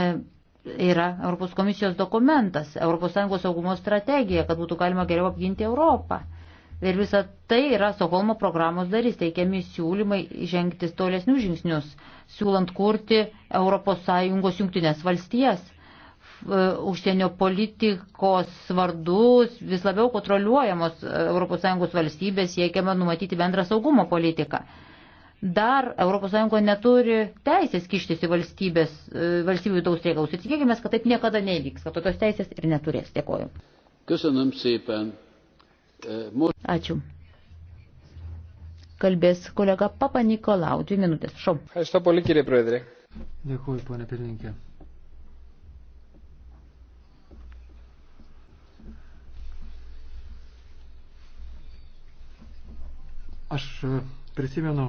Speaker 1: yra Europos komisijos dokumentas, ES saugumo strategija, kad būtų galima geriau apginti Europą. Ir visa tai yra Stokholmo programos darys, teikiami siūlymai žengti tolesnius žingsnius, siūlant kurti ES jungtinės valstijas E, užsienio politikos vardus vis labiau kontroliuojamos e, ES valstybės siekiama numatyti bendrą saugumo politiką. Dar ES neturi teisės kištis į valstybės, e, valstybių vidaus reikalus ir tikėkime, kad taip niekada nevyks, kad tokios teisės ir neturės. Dėkoju. Ačiū. Kalbės kolega Papa Nikolau. Dvi minutės. Šau.
Speaker 3: Dėkuoju, ponė pirmininkė. Aš e, prisimenu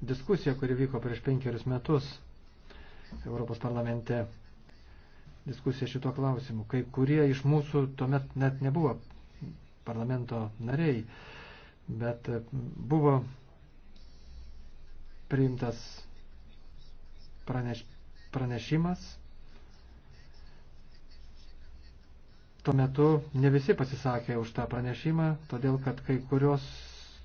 Speaker 3: diskusiją, kuri vyko prieš penkerius metus Europos parlamente. Diskusija šituo klausimu. Kai kurie iš mūsų tuomet net nebuvo parlamento nariai, bet e, buvo priimtas praneš, pranešimas. Tuo metu ne visi pasisakė už tą pranešimą, todėl kad kai kurios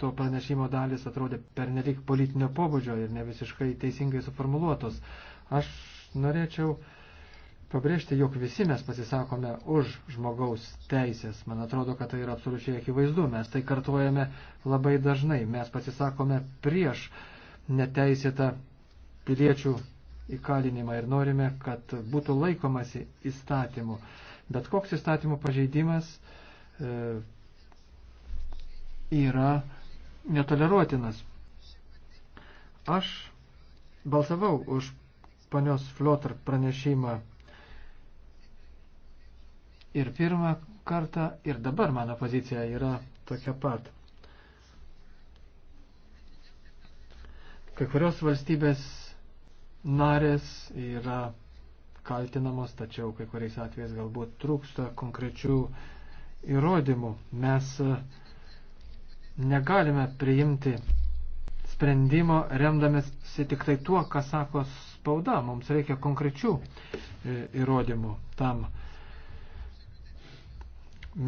Speaker 3: to pranešimo dalis atrodė pernelik politinio pobūdžio ir ne visiškai teisingai suformuluotos. Aš norėčiau pabrėžti, jog visi mes pasisakome už žmogaus teisės. Man atrodo, kad tai yra absoliučiai akivaizdu. Mes tai kartuojame labai dažnai. Mes pasisakome prieš neteisėtą piliečių įkalinimą ir norime, kad būtų laikomasi įstatymų. Bet koks įstatymų pažeidimas e, yra netoleruotinas. Aš balsavau už panios Flotr pranešimą ir pirmą kartą, ir dabar mano pozicija yra tokia pat. Kai kurios valstybės narės yra kaltinamos, tačiau kai kuriais atvejais galbūt trūksta konkrečių įrodymų. Mes uh, Negalime priimti sprendimo remdamis tik tai tuo, ką sako spauda. Mums reikia konkrečių e, įrodymų tam.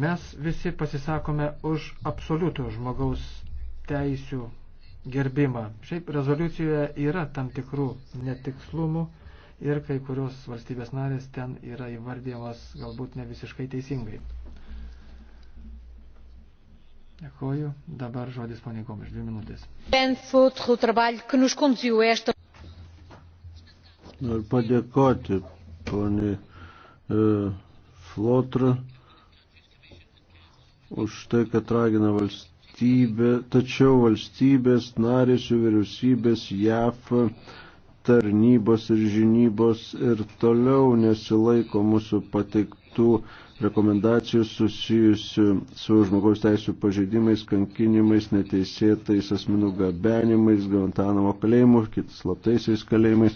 Speaker 3: Mes visi pasisakome už absoliutų žmogaus teisių gerbimą. Šiaip rezoliucijoje yra tam tikrų netikslumų ir kai kurios valstybės narės ten yra įvardyjamos galbūt ne visiškai teisingai. Dėkuoju. Dabar žodis ponė Gomes, dvi minutės.
Speaker 2: Noriu padėkoti ponė e, Flotra už tai, kad ragina valstybė, tačiau valstybės narės jų vyriausybės JAF tarnybos ir žinybos ir toliau nesilaiko mūsų pateiktų pateiktų rekomendacijų susijusių su žmogaus teisų pažeidimais, kankinimais, neteisėtais asmenų gabenimais, Guantanamo kalėjimu, kitas slaptaisiais kalėjimais.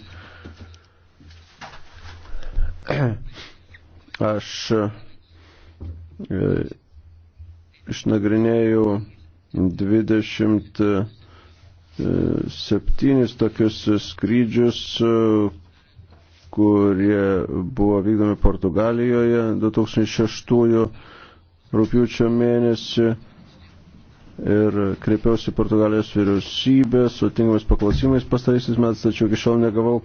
Speaker 2: Aš e, išnagrinėjau 27 e, tokius skrydžius, kurie buvo vykdomi Portugalijoje 2006 rūpiučio mėnesį ir kreipiausi Portugalijos vyriausybę su tinkamais paklausimais pastarysis metais, tačiau iki šiol negavau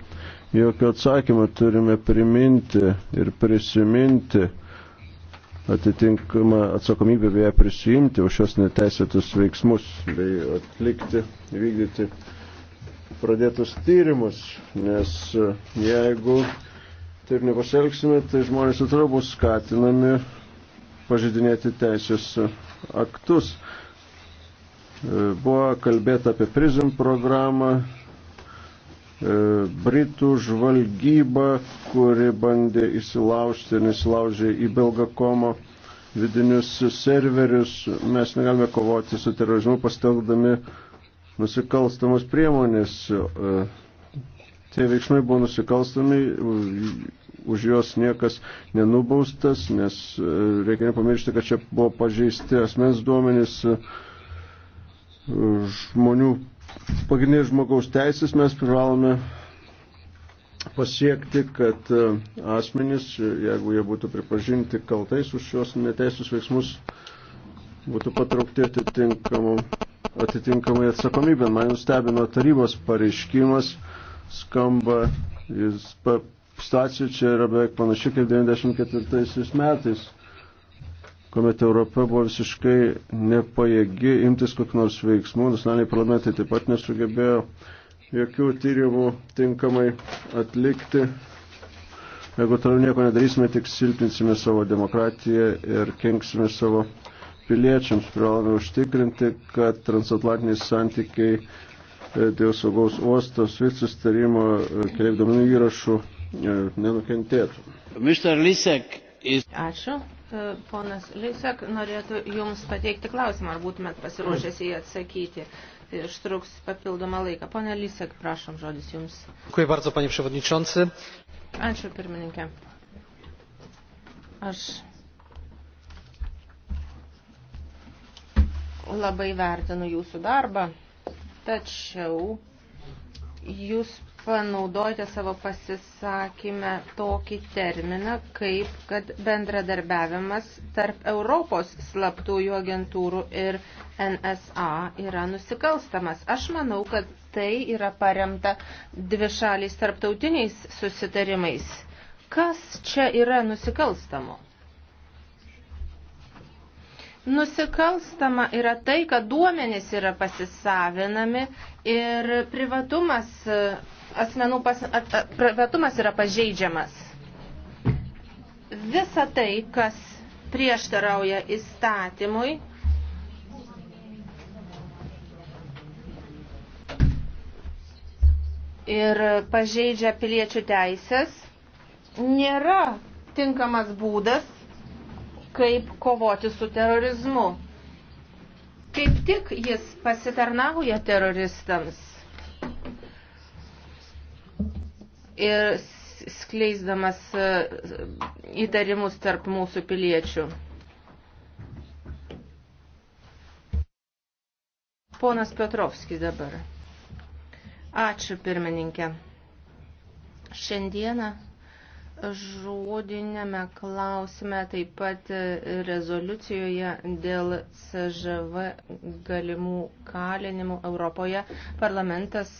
Speaker 2: jokio atsakymo. Turime priminti ir prisiminti atitinkamą atsakomybę bei ją prisijimti už šios neteisėtus veiksmus bei atlikti, vykdyti pradėtus tyrimus, nes e, jeigu taip nepasielgsime, tai žmonės ir toliau bus skatinami pažydinėti teisės aktus. E, buvo kalbėta apie prizm programą, e, Britų žvalgyba, kuri bandė įsilaužti, nesilaužė į Belgakomo vidinius serverius. Mes negalime kovoti su terorizmu pastelgdami nusikalstamos priemonės. E, tie veiksmai buvo nusikalstami, už juos niekas nenubaustas, nes e, reikia nepamiršti, kad čia buvo pažeisti asmens duomenys e, žmonių, pagrindinės žmogaus teisės mes privalome pasiekti, kad asmenys, jeigu jie būtų pripažinti kaltais už šios neteisės veiksmus, būtų patraukti atitinkamam atitinkamai atsakomybę. Man nustebino tarybos pareiškimas, skamba, jis pa, stacijų čia yra beveik panašiai kaip 94 metais, kuomet Europa buvo visiškai nepajėgi imtis kokių nors veiksmų, nacionaliniai parlamentai taip pat nesugebėjo jokių tyrimų tinkamai atlikti. Jeigu toliau nieko nedarysime, tik silpinsime savo demokratiją ir kenksime savo piliečiams privalome užtikrinti, kad transatlantiniai santykiai e, dėl saugaus uosto SWIFT sustarimo e, keliai duomenų įrašų e, nenukentėtų. Is... Ačiū.
Speaker 5: Ponas Lisek norėtų Jums pateikti klausimą, ar būtumėt pasiruošęs į jį atsakyti. Ištruks tai papildomą laiką. Pone Lisek, prašom žodis Jums.
Speaker 3: Dziękuję bardzo, panie przewodniczący.
Speaker 5: Ačiū, pirmininkė. Aš labai vertinu jūsų darbą, tačiau jūs panaudojate savo pasisakymę tokį terminą, kaip kad bendradarbiavimas tarp Europos slaptųjų agentūrų ir NSA yra nusikalstamas. Aš manau, kad tai yra paremta dvišaliais tarptautiniais susitarimais. Kas čia yra nusikalstamo? Nusikalstama yra tai, kad duomenys yra pasisavinami ir privatumas, e, asmenų pas, a, a, privatumas yra pažeidžiamas. Visa tai, kas prieštarauja įstatymui, ir pažeidžia piliečių teisės, nėra tinkamas būdas kaip kovoti su terorizmu. Kaip tik jis pasitarnauja teroristams ir skleisdamas e, įtarimus tarp mūsų piliečių. Ponas Petrovskis dabar. Ačiū pirmininkė. Šiandieną žodinėme klausime, taip pat rezoliucijoje dėl CŽV galimų kalinimų Europoje parlamentas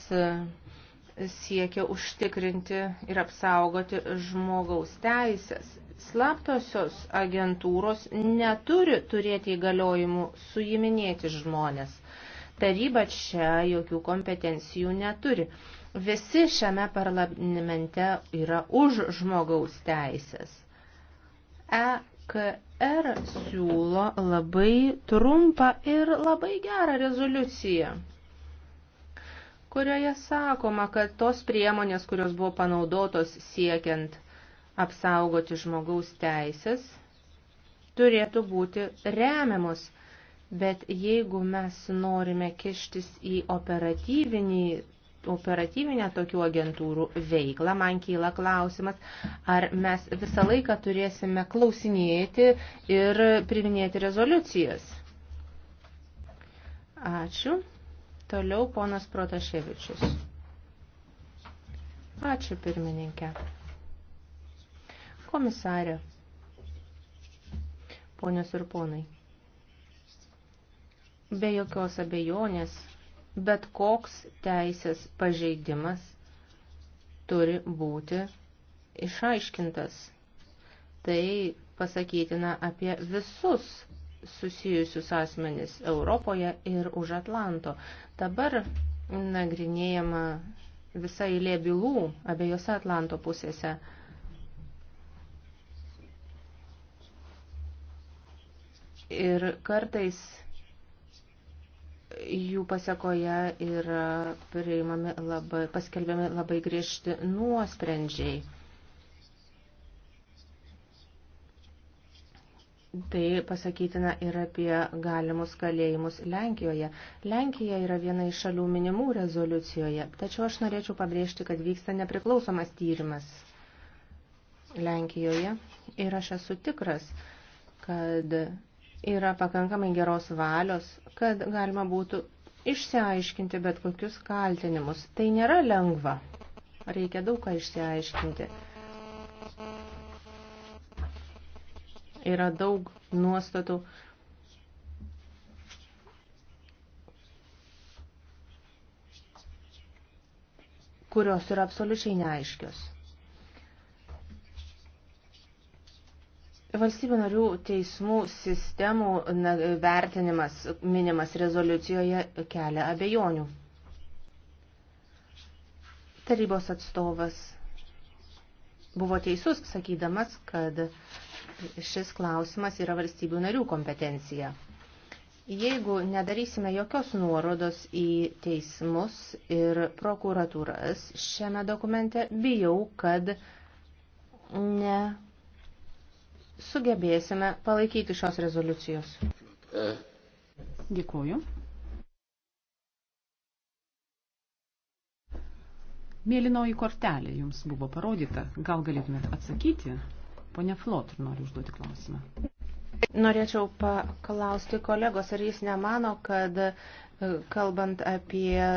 Speaker 5: siekia užtikrinti ir apsaugoti žmogaus teisės. Slaptosios agentūros neturi turėti įgaliojimų suiminėti žmonės. Taryba čia jokių kompetencijų neturi. Visi šiame parlamente yra už žmogaus teisės. EKR siūlo labai trumpą ir labai gerą rezoliuciją, kurioje sakoma, kad tos priemonės, kurios buvo panaudotos siekiant apsaugoti žmogaus teisės, turėtų būti remiamos. Bet jeigu mes norime kištis į operatyvinį operatyvinę tokių agentūrų veiklą, man kyla klausimas, ar mes visą laiką turėsime klausinėti ir priminėti rezoliucijas. Ačiū. Toliau ponas Protaševičius. Ačiū pirmininkė. Komisarė. Ponios ir ponai. Be jokios abejonės bet koks teisės pažeidimas turi būti išaiškintas. Tai pasakytina apie visus susijusius asmenis Europoje ir už Atlanto. Dabar nagrinėjama visa eilė bylų abiejose Atlanto pusėse. Ir kartais jų pasiekoje yra priimami labai, paskelbiami labai griežti nuosprendžiai. Tai pasakytina ir apie galimus kalėjimus Lenkijoje. Lenkija yra viena iš šalių minimų rezoliucijoje, tačiau aš norėčiau pabrėžti, kad vyksta nepriklausomas tyrimas Lenkijoje ir aš esu tikras, kad yra pakankamai geros valios, kad galima būtų išsiaiškinti bet kokius kaltinimus. Tai nėra lengva. Reikia daug ką išsiaiškinti. Yra daug nuostatų. kurios yra absoliučiai neaiškios. Valstybių narių teismų sistemų vertinimas minimas rezoliucijoje kelia abejonių. Tarybos atstovas buvo teisus, sakydamas, kad šis klausimas yra valstybių narių kompetencija. Jeigu nedarysime jokios nuorodos į teismus ir prokuratūras šiame dokumente, bijau, kad ne sugebėsime palaikyti šios rezoliucijos. Dėkuoju.
Speaker 4: Mėlynoji kortelė jums buvo parodyta. Gal galėtumėt atsakyti? Pone Flotr nori užduoti
Speaker 2: klausimą.
Speaker 5: Norėčiau paklausti kolegos, ar jis nemano, kad e, kalbant apie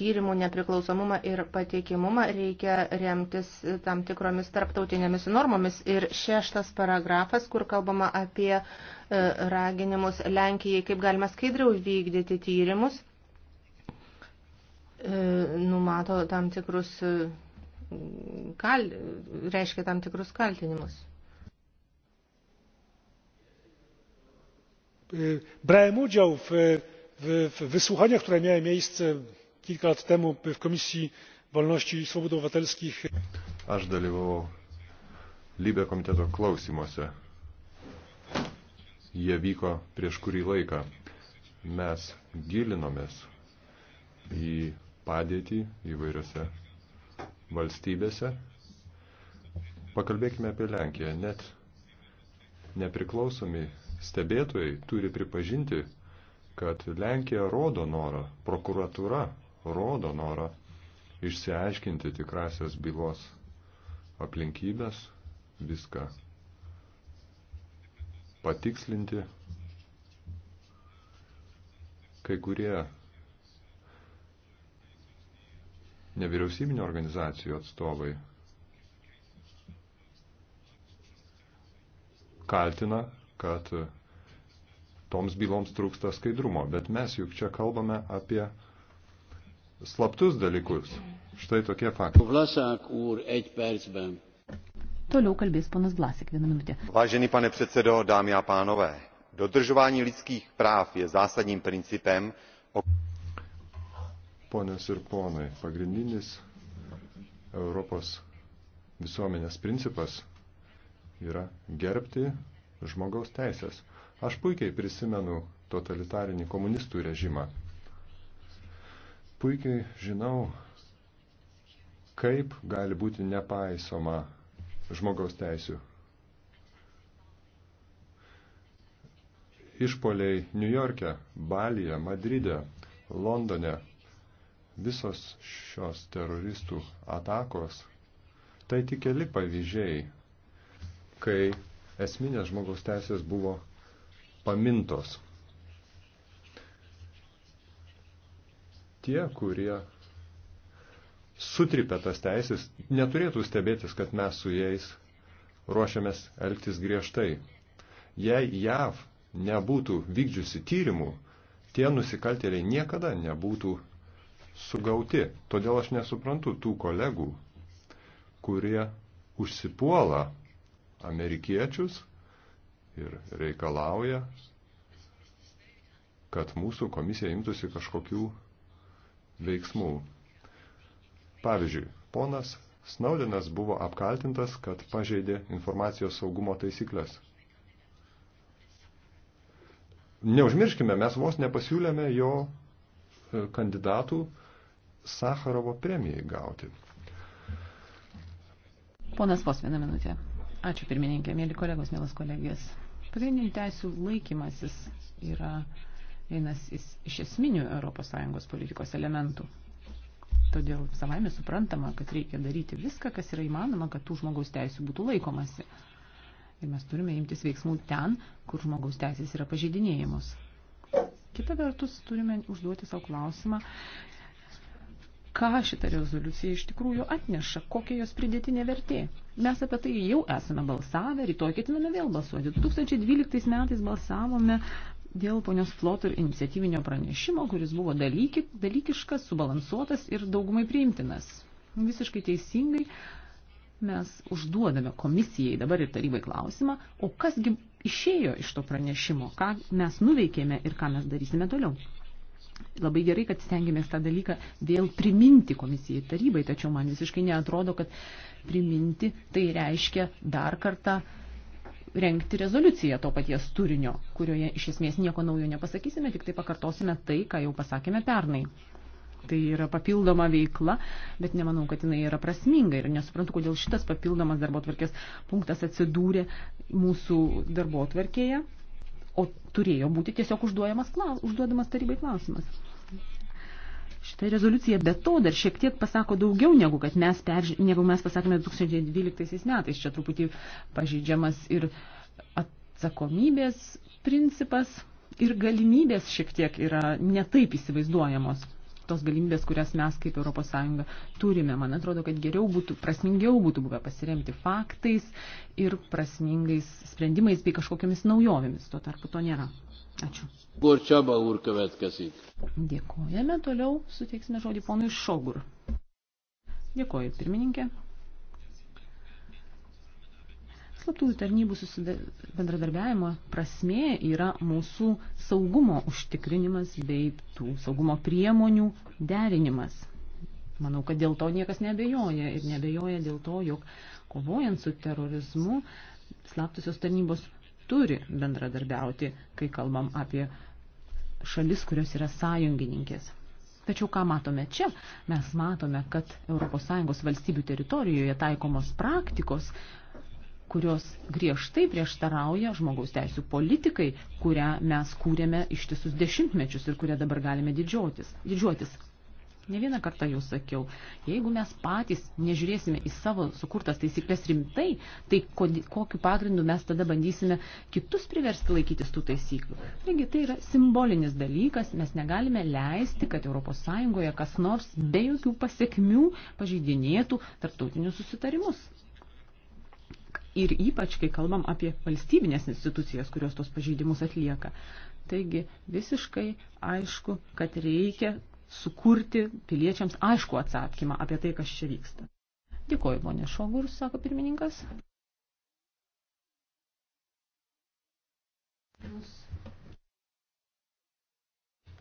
Speaker 5: tyrimų nepriklausomumą ir patikimumą, reikia remtis tam tikromis tarptautinėmis normomis. Ir šeštas paragrafas, kur kalbama apie e, raginimus Lenkijai, kaip galima skaidriau vykdyti tyrimus, e, numato tam tikrus, kal, reiškia tam tikrus kaltinimus.
Speaker 3: brałem udział w
Speaker 6: wysłuchaniach które miały miejsce kilka lat temu w komisji wolności i swobód obywatelskich aš dalyvavau libe komiteto klausimuose jie vyko prieš kurį laiką mes gilinomės į padėtį įvairiose valstybėse pakalbėkime apie Lenkiją net nepriklausomi stebėtojai turi pripažinti, kad Lenkija rodo norą, prokuratūra rodo norą išsiaiškinti tikrasias bylos aplinkybės, viską patikslinti. Kai kurie nevyriausybinio organizacijų atstovai kaltina kad toms byloms trūksta skaidrumo, bet mes juk čia kalbame apie slaptus dalykus. Štai tokie faktai. Vlasak úr, egy percben.
Speaker 4: Toliau kalbės ponas Vlasik, vieną minutę.
Speaker 6: Vážený pane předsedo, dámy a pánové, dodržování lidských práv je zásadním principem. O... Ponas ir ponai, pagrindinis Europos visuomenės principas yra gerbti žmogaus teisės. Aš puikiai prisimenu totalitarinį komunistų režimą. Puikiai žinau, kaip gali būti nepaisoma žmogaus teisių. Išpoliai New York'e, Balyje, Madride, Londone, visos šios teroristų atakos, tai tik keli pavyzdžiai, kai esminės žmogaus teisės buvo pamintos. Tie, kurie sutripę tas teisės, neturėtų stebėtis, kad mes su jais ruošiamės elgtis griežtai. Jei JAV nebūtų vykdžiusi tyrimų, tie nusikaltėliai niekada nebūtų sugauti. Todėl aš nesuprantu tų kolegų, kurie užsipuola amerikiečius ir reikalauja, kad mūsų komisija imtųsi kažkokių veiksmų. Pavyzdžiui, ponas Snaudinas buvo apkaltintas, kad pažeidė informacijos saugumo taisyklės. Neužmirškime, mes vos nepasiūlėme jo e, kandidatų Sakarovo premijai gauti.
Speaker 4: Ponas Vos, vieną minutę. Ačiū pirmininkė, mėly kolegos, mėlas kolegės. Pagrindinių teisų laikymasis yra vienas iš esminių ES politikos elementų. Todėl savaime suprantama, kad reikia daryti viską, kas yra įmanoma, kad tų žmogaus teisų būtų laikomasi. Ir mes turime imtis veiksmų ten, kur žmogaus teisės yra pažeidinėjimos. Kita vertus, turime užduoti savo klausimą, ką šita rezoliucija iš tikrųjų atneša, kokia jos pridėtinė vertė. Mes apie tai jau esame balsavę, rytoj ketiname vėl balsuoti. 2012 metais balsavome dėl ponios Flotur iniciatyvinio pranešimo, kuris buvo dalyki, dalykiškas, subalansuotas ir daugumai priimtinas. Visiškai teisingai mes užduodame komisijai dabar ir tarybai klausimą, o kasgi išėjo iš to pranešimo, ką mes nuveikėme ir ką mes darysime toliau. Labai gerai, kad stengiamės tą dalyką vėl priminti komisijai tarybai, tačiau man visiškai neatrodo, kad priminti tai reiškia dar kartą rengti rezoliuciją to paties turinio, kurioje iš esmės nieko naujo nepasakysime, tik tai pakartosime tai, ką jau pasakėme pernai. Tai yra papildoma veikla, bet nemanau, kad jinai yra prasminga ir nesuprantu, kodėl šitas papildomas darbo tvarkės punktas atsidūrė mūsų darbo tvarkėje o turėjo būti tiesiog užduojamas klaus, užduodamas tarybai klausimas. Šitą rezoliuciją be to dar šiek tiek pasako daugiau, negu, kad mes, perž... negu mes pasakome 2012 metais. Čia truputį pažydžiamas ir atsakomybės principas ir galimybės šiek tiek yra netaip įsivaizduojamos tos galimybės, kurias mes kaip ES turime. Man atrodo, kad geriau būtų, prasmingiau būtų buvę pasiremti faktais ir prasmingais sprendimais bei kažkokiamis naujovėmis. Tuo tarpu to nėra.
Speaker 2: Ačiū. Gorčiaba urkavetkasyk.
Speaker 4: Dėkojame, toliau suteiksime žodį ponui Šogur. Dėkoju, pirmininkė. Slaptųjų tarnybų bendradarbiavimo prasmė yra mūsų saugumo užtikrinimas bei tų saugumo priemonių derinimas. Manau, kad dėl to niekas nebejoja ir nebejoja dėl to, jog kovojant su terorizmu slaptusios tarnybos turi bendradarbiauti, kai kalbam apie šalis, kurios yra sąjungininkės. Tačiau ką matome čia? Mes matome, kad ES valstybių teritorijoje taikomos praktikos kurios griežtai prieštarauja žmogaus teisų politikai, kurią mes kūrėme ištisus dešimtmečius ir kurią dabar galime didžiuotis. didžiuotis. Ne vieną kartą jau sakiau, jeigu mes patys nežiūrėsime į savo sukurtas taisyklės rimtai, tai kokiu pagrindu mes tada bandysime kitus priversti laikytis tų taisyklių. Taigi tai yra simbolinis dalykas, mes negalime leisti, kad ES kas nors be jokių pasiekmių pažeidinėtų tarptautinius susitarimus ir ypač, kai kalbam apie valstybinės institucijas, kurios tos pažeidimus atlieka. Taigi visiškai aišku, kad reikia sukurti piliečiams aišku atsakymą apie tai, kas čia vyksta. Dėkoju, ponė Šogur, sako pirmininkas.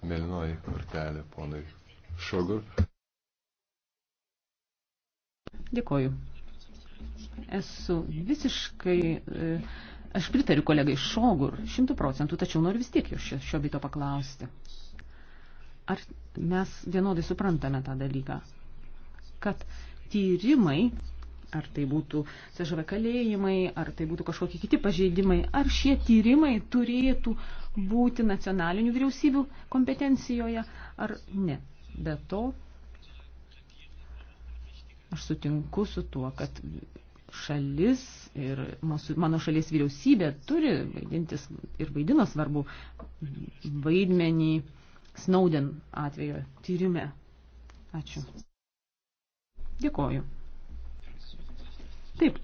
Speaker 6: Mėlynoji kortelė, ponai Šogur.
Speaker 4: Dėkoju. Esu visiškai, e, aš pritariu kolegai Šogur, šimtų procentų, tačiau noriu vis tiek jo šio, šio bito paklausti. Ar mes vienodai suprantame tą dalyką, kad tyrimai, ar tai būtų CŽV kalėjimai, ar tai būtų kažkokie kiti pažeidimai, ar šie tyrimai turėtų būti nacionalinių vyriausybių kompetencijoje, ar ne. Be to, Aš sutinku su tuo, kad šalis ir mano šalies vyriausybė turi vaidintis ir vaidino svarbu vaidmenį Snauden atvejo tyrime. Ačiū. Dėkoju. Taip,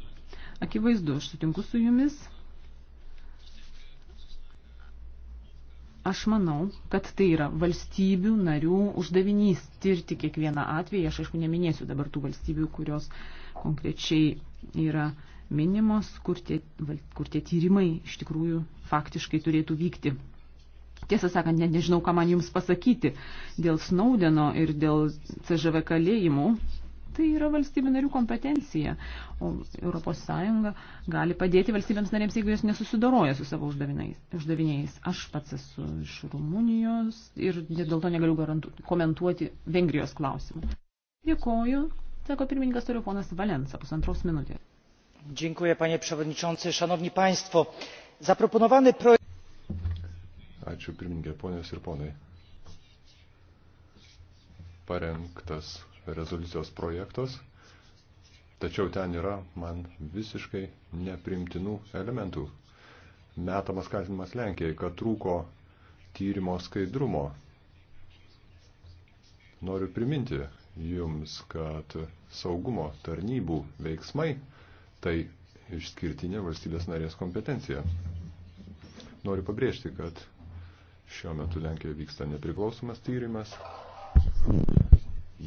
Speaker 4: akivaizdu, aš sutinku su jumis. Aš manau, kad tai yra valstybių narių uždavinys tirti kiekvieną atvejį. Aš aišku neminėsiu dabar tų valstybių, kurios konkrečiai yra minimos, kur tie, kur tie tyrimai iš tikrųjų faktiškai turėtų vykti. Tiesą sakant, net nežinau, ką man jums pasakyti dėl Snaudeno ir dėl CŽV kalėjimų. Tai yra valstybių narių kompetencija, o ES gali padėti valstybėms narėms, jeigu jos nesusidoroja su savo uždaviniais. Aš pats esu iš Rumunijos ir dėl to negaliu garantu, komentuoti Vengrijos klausimų. Dėkoju, sako pirmininkas toliau ponas Valensa, pusantros minutės. Dziękuję, panie przewodniczący, szanowni państwo.
Speaker 3: Zaproponowany projekt.
Speaker 6: Ačiū pirmininkė, ponios ir ponai. Parengtas rezoliucijos projektas, tačiau ten yra man visiškai neprimtinų elementų. Metamas kaltinimas Lenkijai, kad trūko tyrimo skaidrumo. Noriu priminti jums, kad saugumo tarnybų veiksmai tai išskirtinė valstybės narės kompetencija. Noriu pabrėžti, kad šiuo metu Lenkijoje vyksta nepriklausomas tyrimas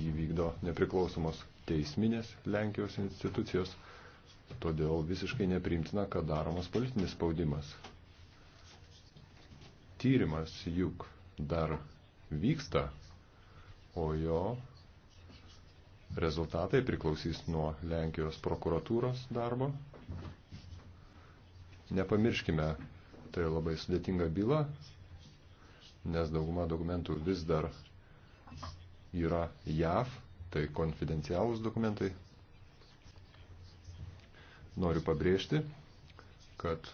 Speaker 6: įvykdo nepriklausomos teisminės Lenkijos institucijos, todėl visiškai nepriimtina, kad daromas politinis spaudimas. Tyrimas juk dar vyksta, o jo rezultatai priklausys nuo Lenkijos prokuratūros darbo. Nepamirškime, tai labai sudėtinga byla, nes dauguma dokumentų vis dar yra JAV, tai konfidencialūs dokumentai. Noriu pabrėžti, kad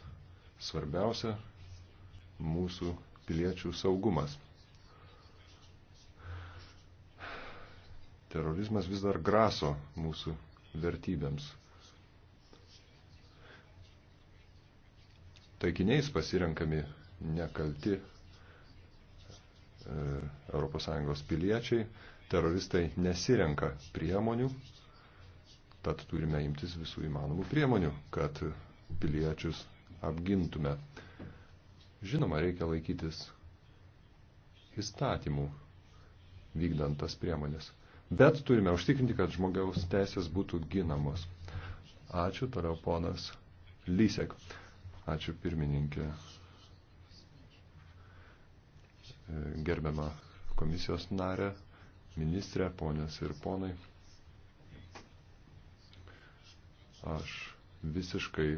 Speaker 6: svarbiausia mūsų piliečių saugumas. Terorizmas vis dar graso mūsų vertybėms. Taikiniais pasirenkami nekalti ES piliečiai, teroristai nesirenka priemonių, tad turime imtis visų įmanomų priemonių, kad piliečius apgintume. Žinoma, reikia laikytis įstatymų vykdant tas priemonės. Bet turime užtikrinti, kad žmogaus teisės būtų ginamos. Ačiū, toliau ponas Lysek. Ačiū pirmininkė gerbiamą komisijos narę, ministrę, ponės ir ponai. Aš visiškai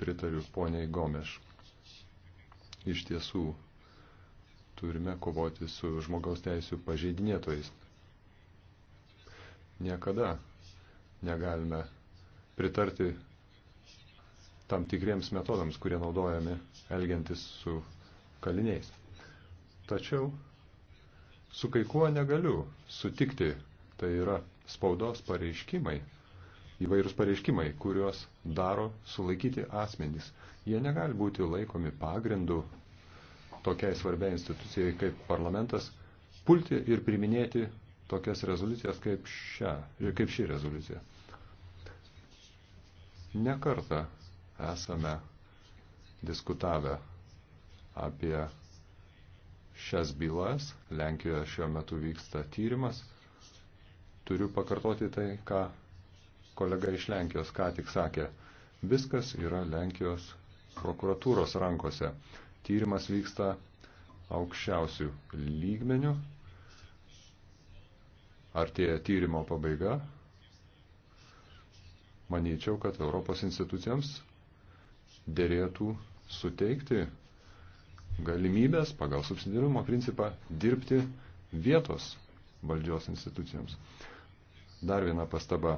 Speaker 6: pritariu poniai Gomeš. Iš tiesų, turime kovoti su žmogaus teisų pažeidinėtojais. Niekada negalime pritarti tam tikriems metodams, kurie naudojami elgiantis su kaliniais. Tačiau su kai kuo negaliu sutikti, tai yra spaudos pareiškimai, įvairūs pareiškimai, kuriuos daro sulaikyti asmenys. Jie negali būti laikomi pagrindu tokiai svarbiai institucijai kaip parlamentas pulti ir priminėti tokias rezoliucijas kaip, šią, kaip ši rezoliucija. Nekartą esame diskutavę apie šias bylas. Lenkijoje šiuo metu vyksta tyrimas. Turiu pakartoti tai, ką kolega iš Lenkijos ką tik sakė. Viskas yra Lenkijos prokuratūros rankose. Tyrimas vyksta aukščiausių lygmenių. Artėja tyrimo pabaiga. Manyčiau, kad Europos institucijams dėrėtų suteikti galimybės pagal subsidiarumo principą dirbti vietos valdžios institucijoms. Dar viena pastaba.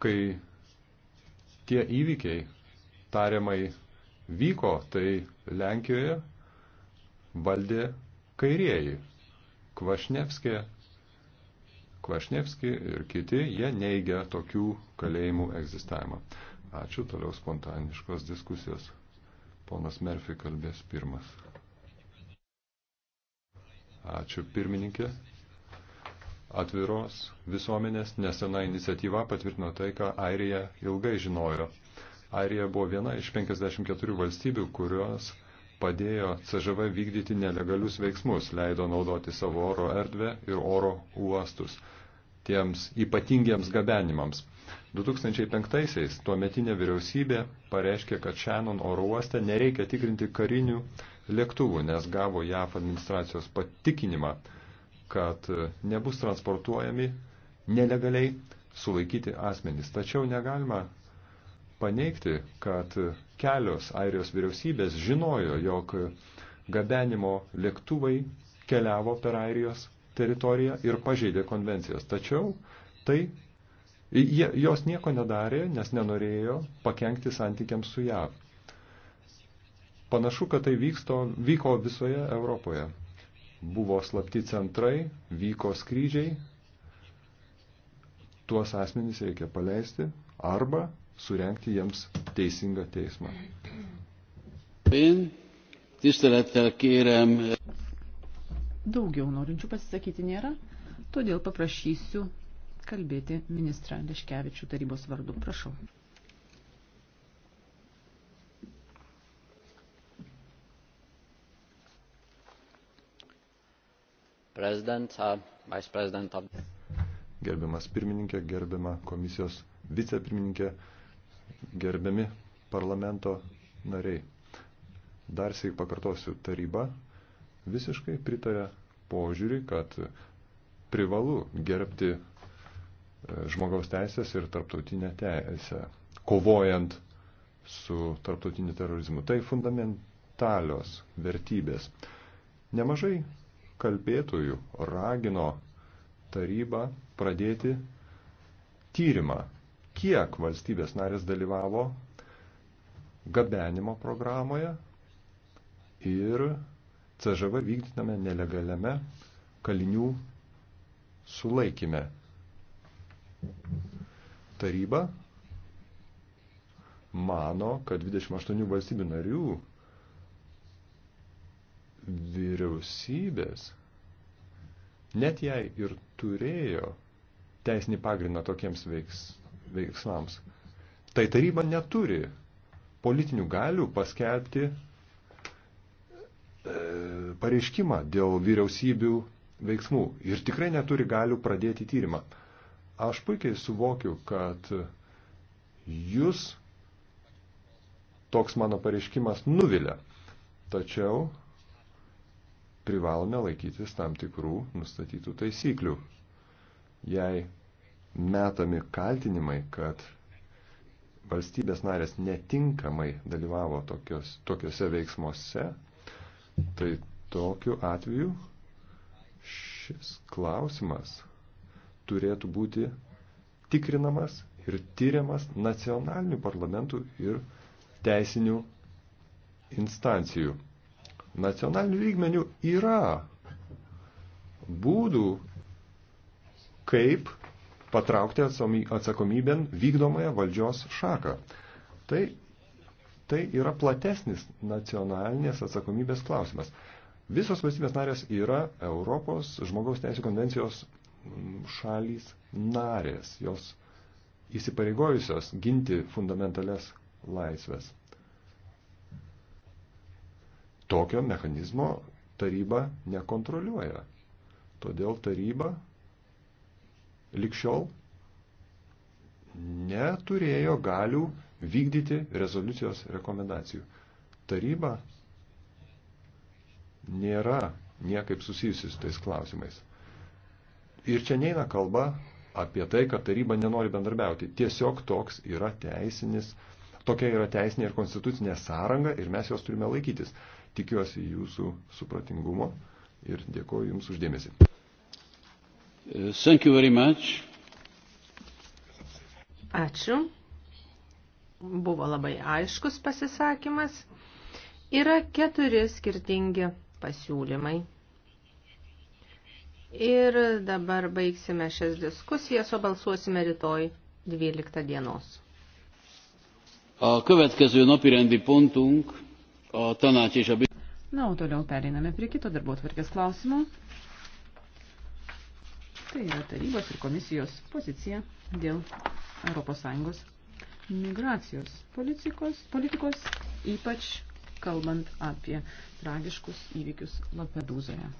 Speaker 6: Kai tie įvykiai tariamai vyko, tai Lenkijoje valdė kairieji. Kvašnevskė, Kvašnevski ir kiti, jie neigia tokių kalėjimų egzistavimą. Ačiū, toliau spontaniškos diskusijos. Ponas Merfi kalbės pirmas. Ačiū pirmininkė. Atviros visuomenės nesena iniciatyva patvirtino tai, ką Airija ilgai žinojo. Airija buvo viena iš 54 valstybių, kurios padėjo CŽV vykdyti nelegalius veiksmus, leido naudoti savo oro erdvę ir oro uostus tiems ypatingiems gabenimams. 2005-aisiais tuometinė vyriausybė pareiškė, kad Šenon oro uoste nereikia tikrinti karinių lėktuvų, nes gavo JAF administracijos patikinimą, kad e, nebus transportuojami nelegaliai sulaikyti asmenys. Tačiau negalima paneigti, kad e, kelios Airijos vyriausybės žinojo, jog e, gabenimo lėktuvai keliavo per Airijos teritoriją ir pažeidė konvencijos. Tačiau tai Jie, jos nieko nedarė, nes nenorėjo pakengti santykiams su JAV. Panašu, kad tai vyksto, vyko visoje Europoje. Buvo slapti centrai, vyko skrydžiai, tuos asmenys reikia paleisti arba surenkti jiems teisingą teismą.
Speaker 4: Daugiau norinčių pasisakyti nėra, todėl paprašysiu kalbėti ministrą Leškevičių tarybos
Speaker 1: vardu. Prašau.
Speaker 6: Gerbiamas pirmininkė, gerbiama komisijos vicepirmininkė, gerbiami parlamento nariai. Dar sėk pakartosiu, taryba visiškai pritarė požiūrį, kad privalu gerbti žmogaus teisės ir tarptautinę teisę, kovojant su tarptautiniu terorizmu. Tai fundamentalios vertybės. Nemažai kalbėtojų ragino tarybą pradėti tyrimą, kiek valstybės narės dalyvavo gabenimo programoje ir CŽV vykdytame nelegaliame kalinių sulaikime. Taryba mano, kad 28 valstybių narių vyriausybės, net jei ir turėjo teisinį pagrindą tokiems veiks, veiksmams, tai taryba neturi politinių galių paskelbti e, pareiškimą dėl vyriausybių veiksmų ir tikrai neturi galių pradėti tyrimą. Aš puikiai suvokiu, kad jūs toks mano pareiškimas nuvilia. Tačiau privalome laikytis tam tikrų nustatytų taisyklių. Jei metami kaltinimai, kad valstybės narės netinkamai dalyvavo tokios, tokiuose veiksmuose, tai tokiu atveju šis klausimas turėtų būti tikrinamas ir tyriamas nacionalinių parlamentų ir teisinių instancijų. Nacionalinių lygmenių yra būdų, kaip patraukti atsakomybėn vykdomąją valdžios šaką. Tai, tai yra platesnis nacionalinės atsakomybės klausimas. Visos valstybės narės yra Europos žmogaus teisų konvencijos šalys narės, jos įsipareigojusios ginti fundamentales laisvės. Tokio mechanizmo taryba nekontroliuoja. Todėl taryba likščiol neturėjo galių vykdyti rezoliucijos rekomendacijų. Taryba nėra niekaip susijusi su tais klausimais. Ir čia neina kalba apie tai, kad taryba nenori bendarbiauti. Tiesiog toks yra teisinis, tokia yra teisinė ir konstitucinė sąranga ir mes jos turime laikytis. Tikiuosi jūsų supratingumo ir dėkoju Jums uždėmesi.
Speaker 2: Thank you very much.
Speaker 5: Ačiū. Buvo labai aiškus pasisakymas. Yra keturi skirtingi pasiūlymai. Ir dabar baigsime šias diskusijas, o balsuosime rytoj 12 dienos.
Speaker 2: A következő napirendi pontunk a tanács és a
Speaker 4: Na, o toliau pereiname prie kito darbo tvarkės klausimo. Tai yra tarybos ir komisijos pozicija dėl ES migracijos politikos, politikos, ypač kalbant apie tragiškus įvykius Lampedūzoje.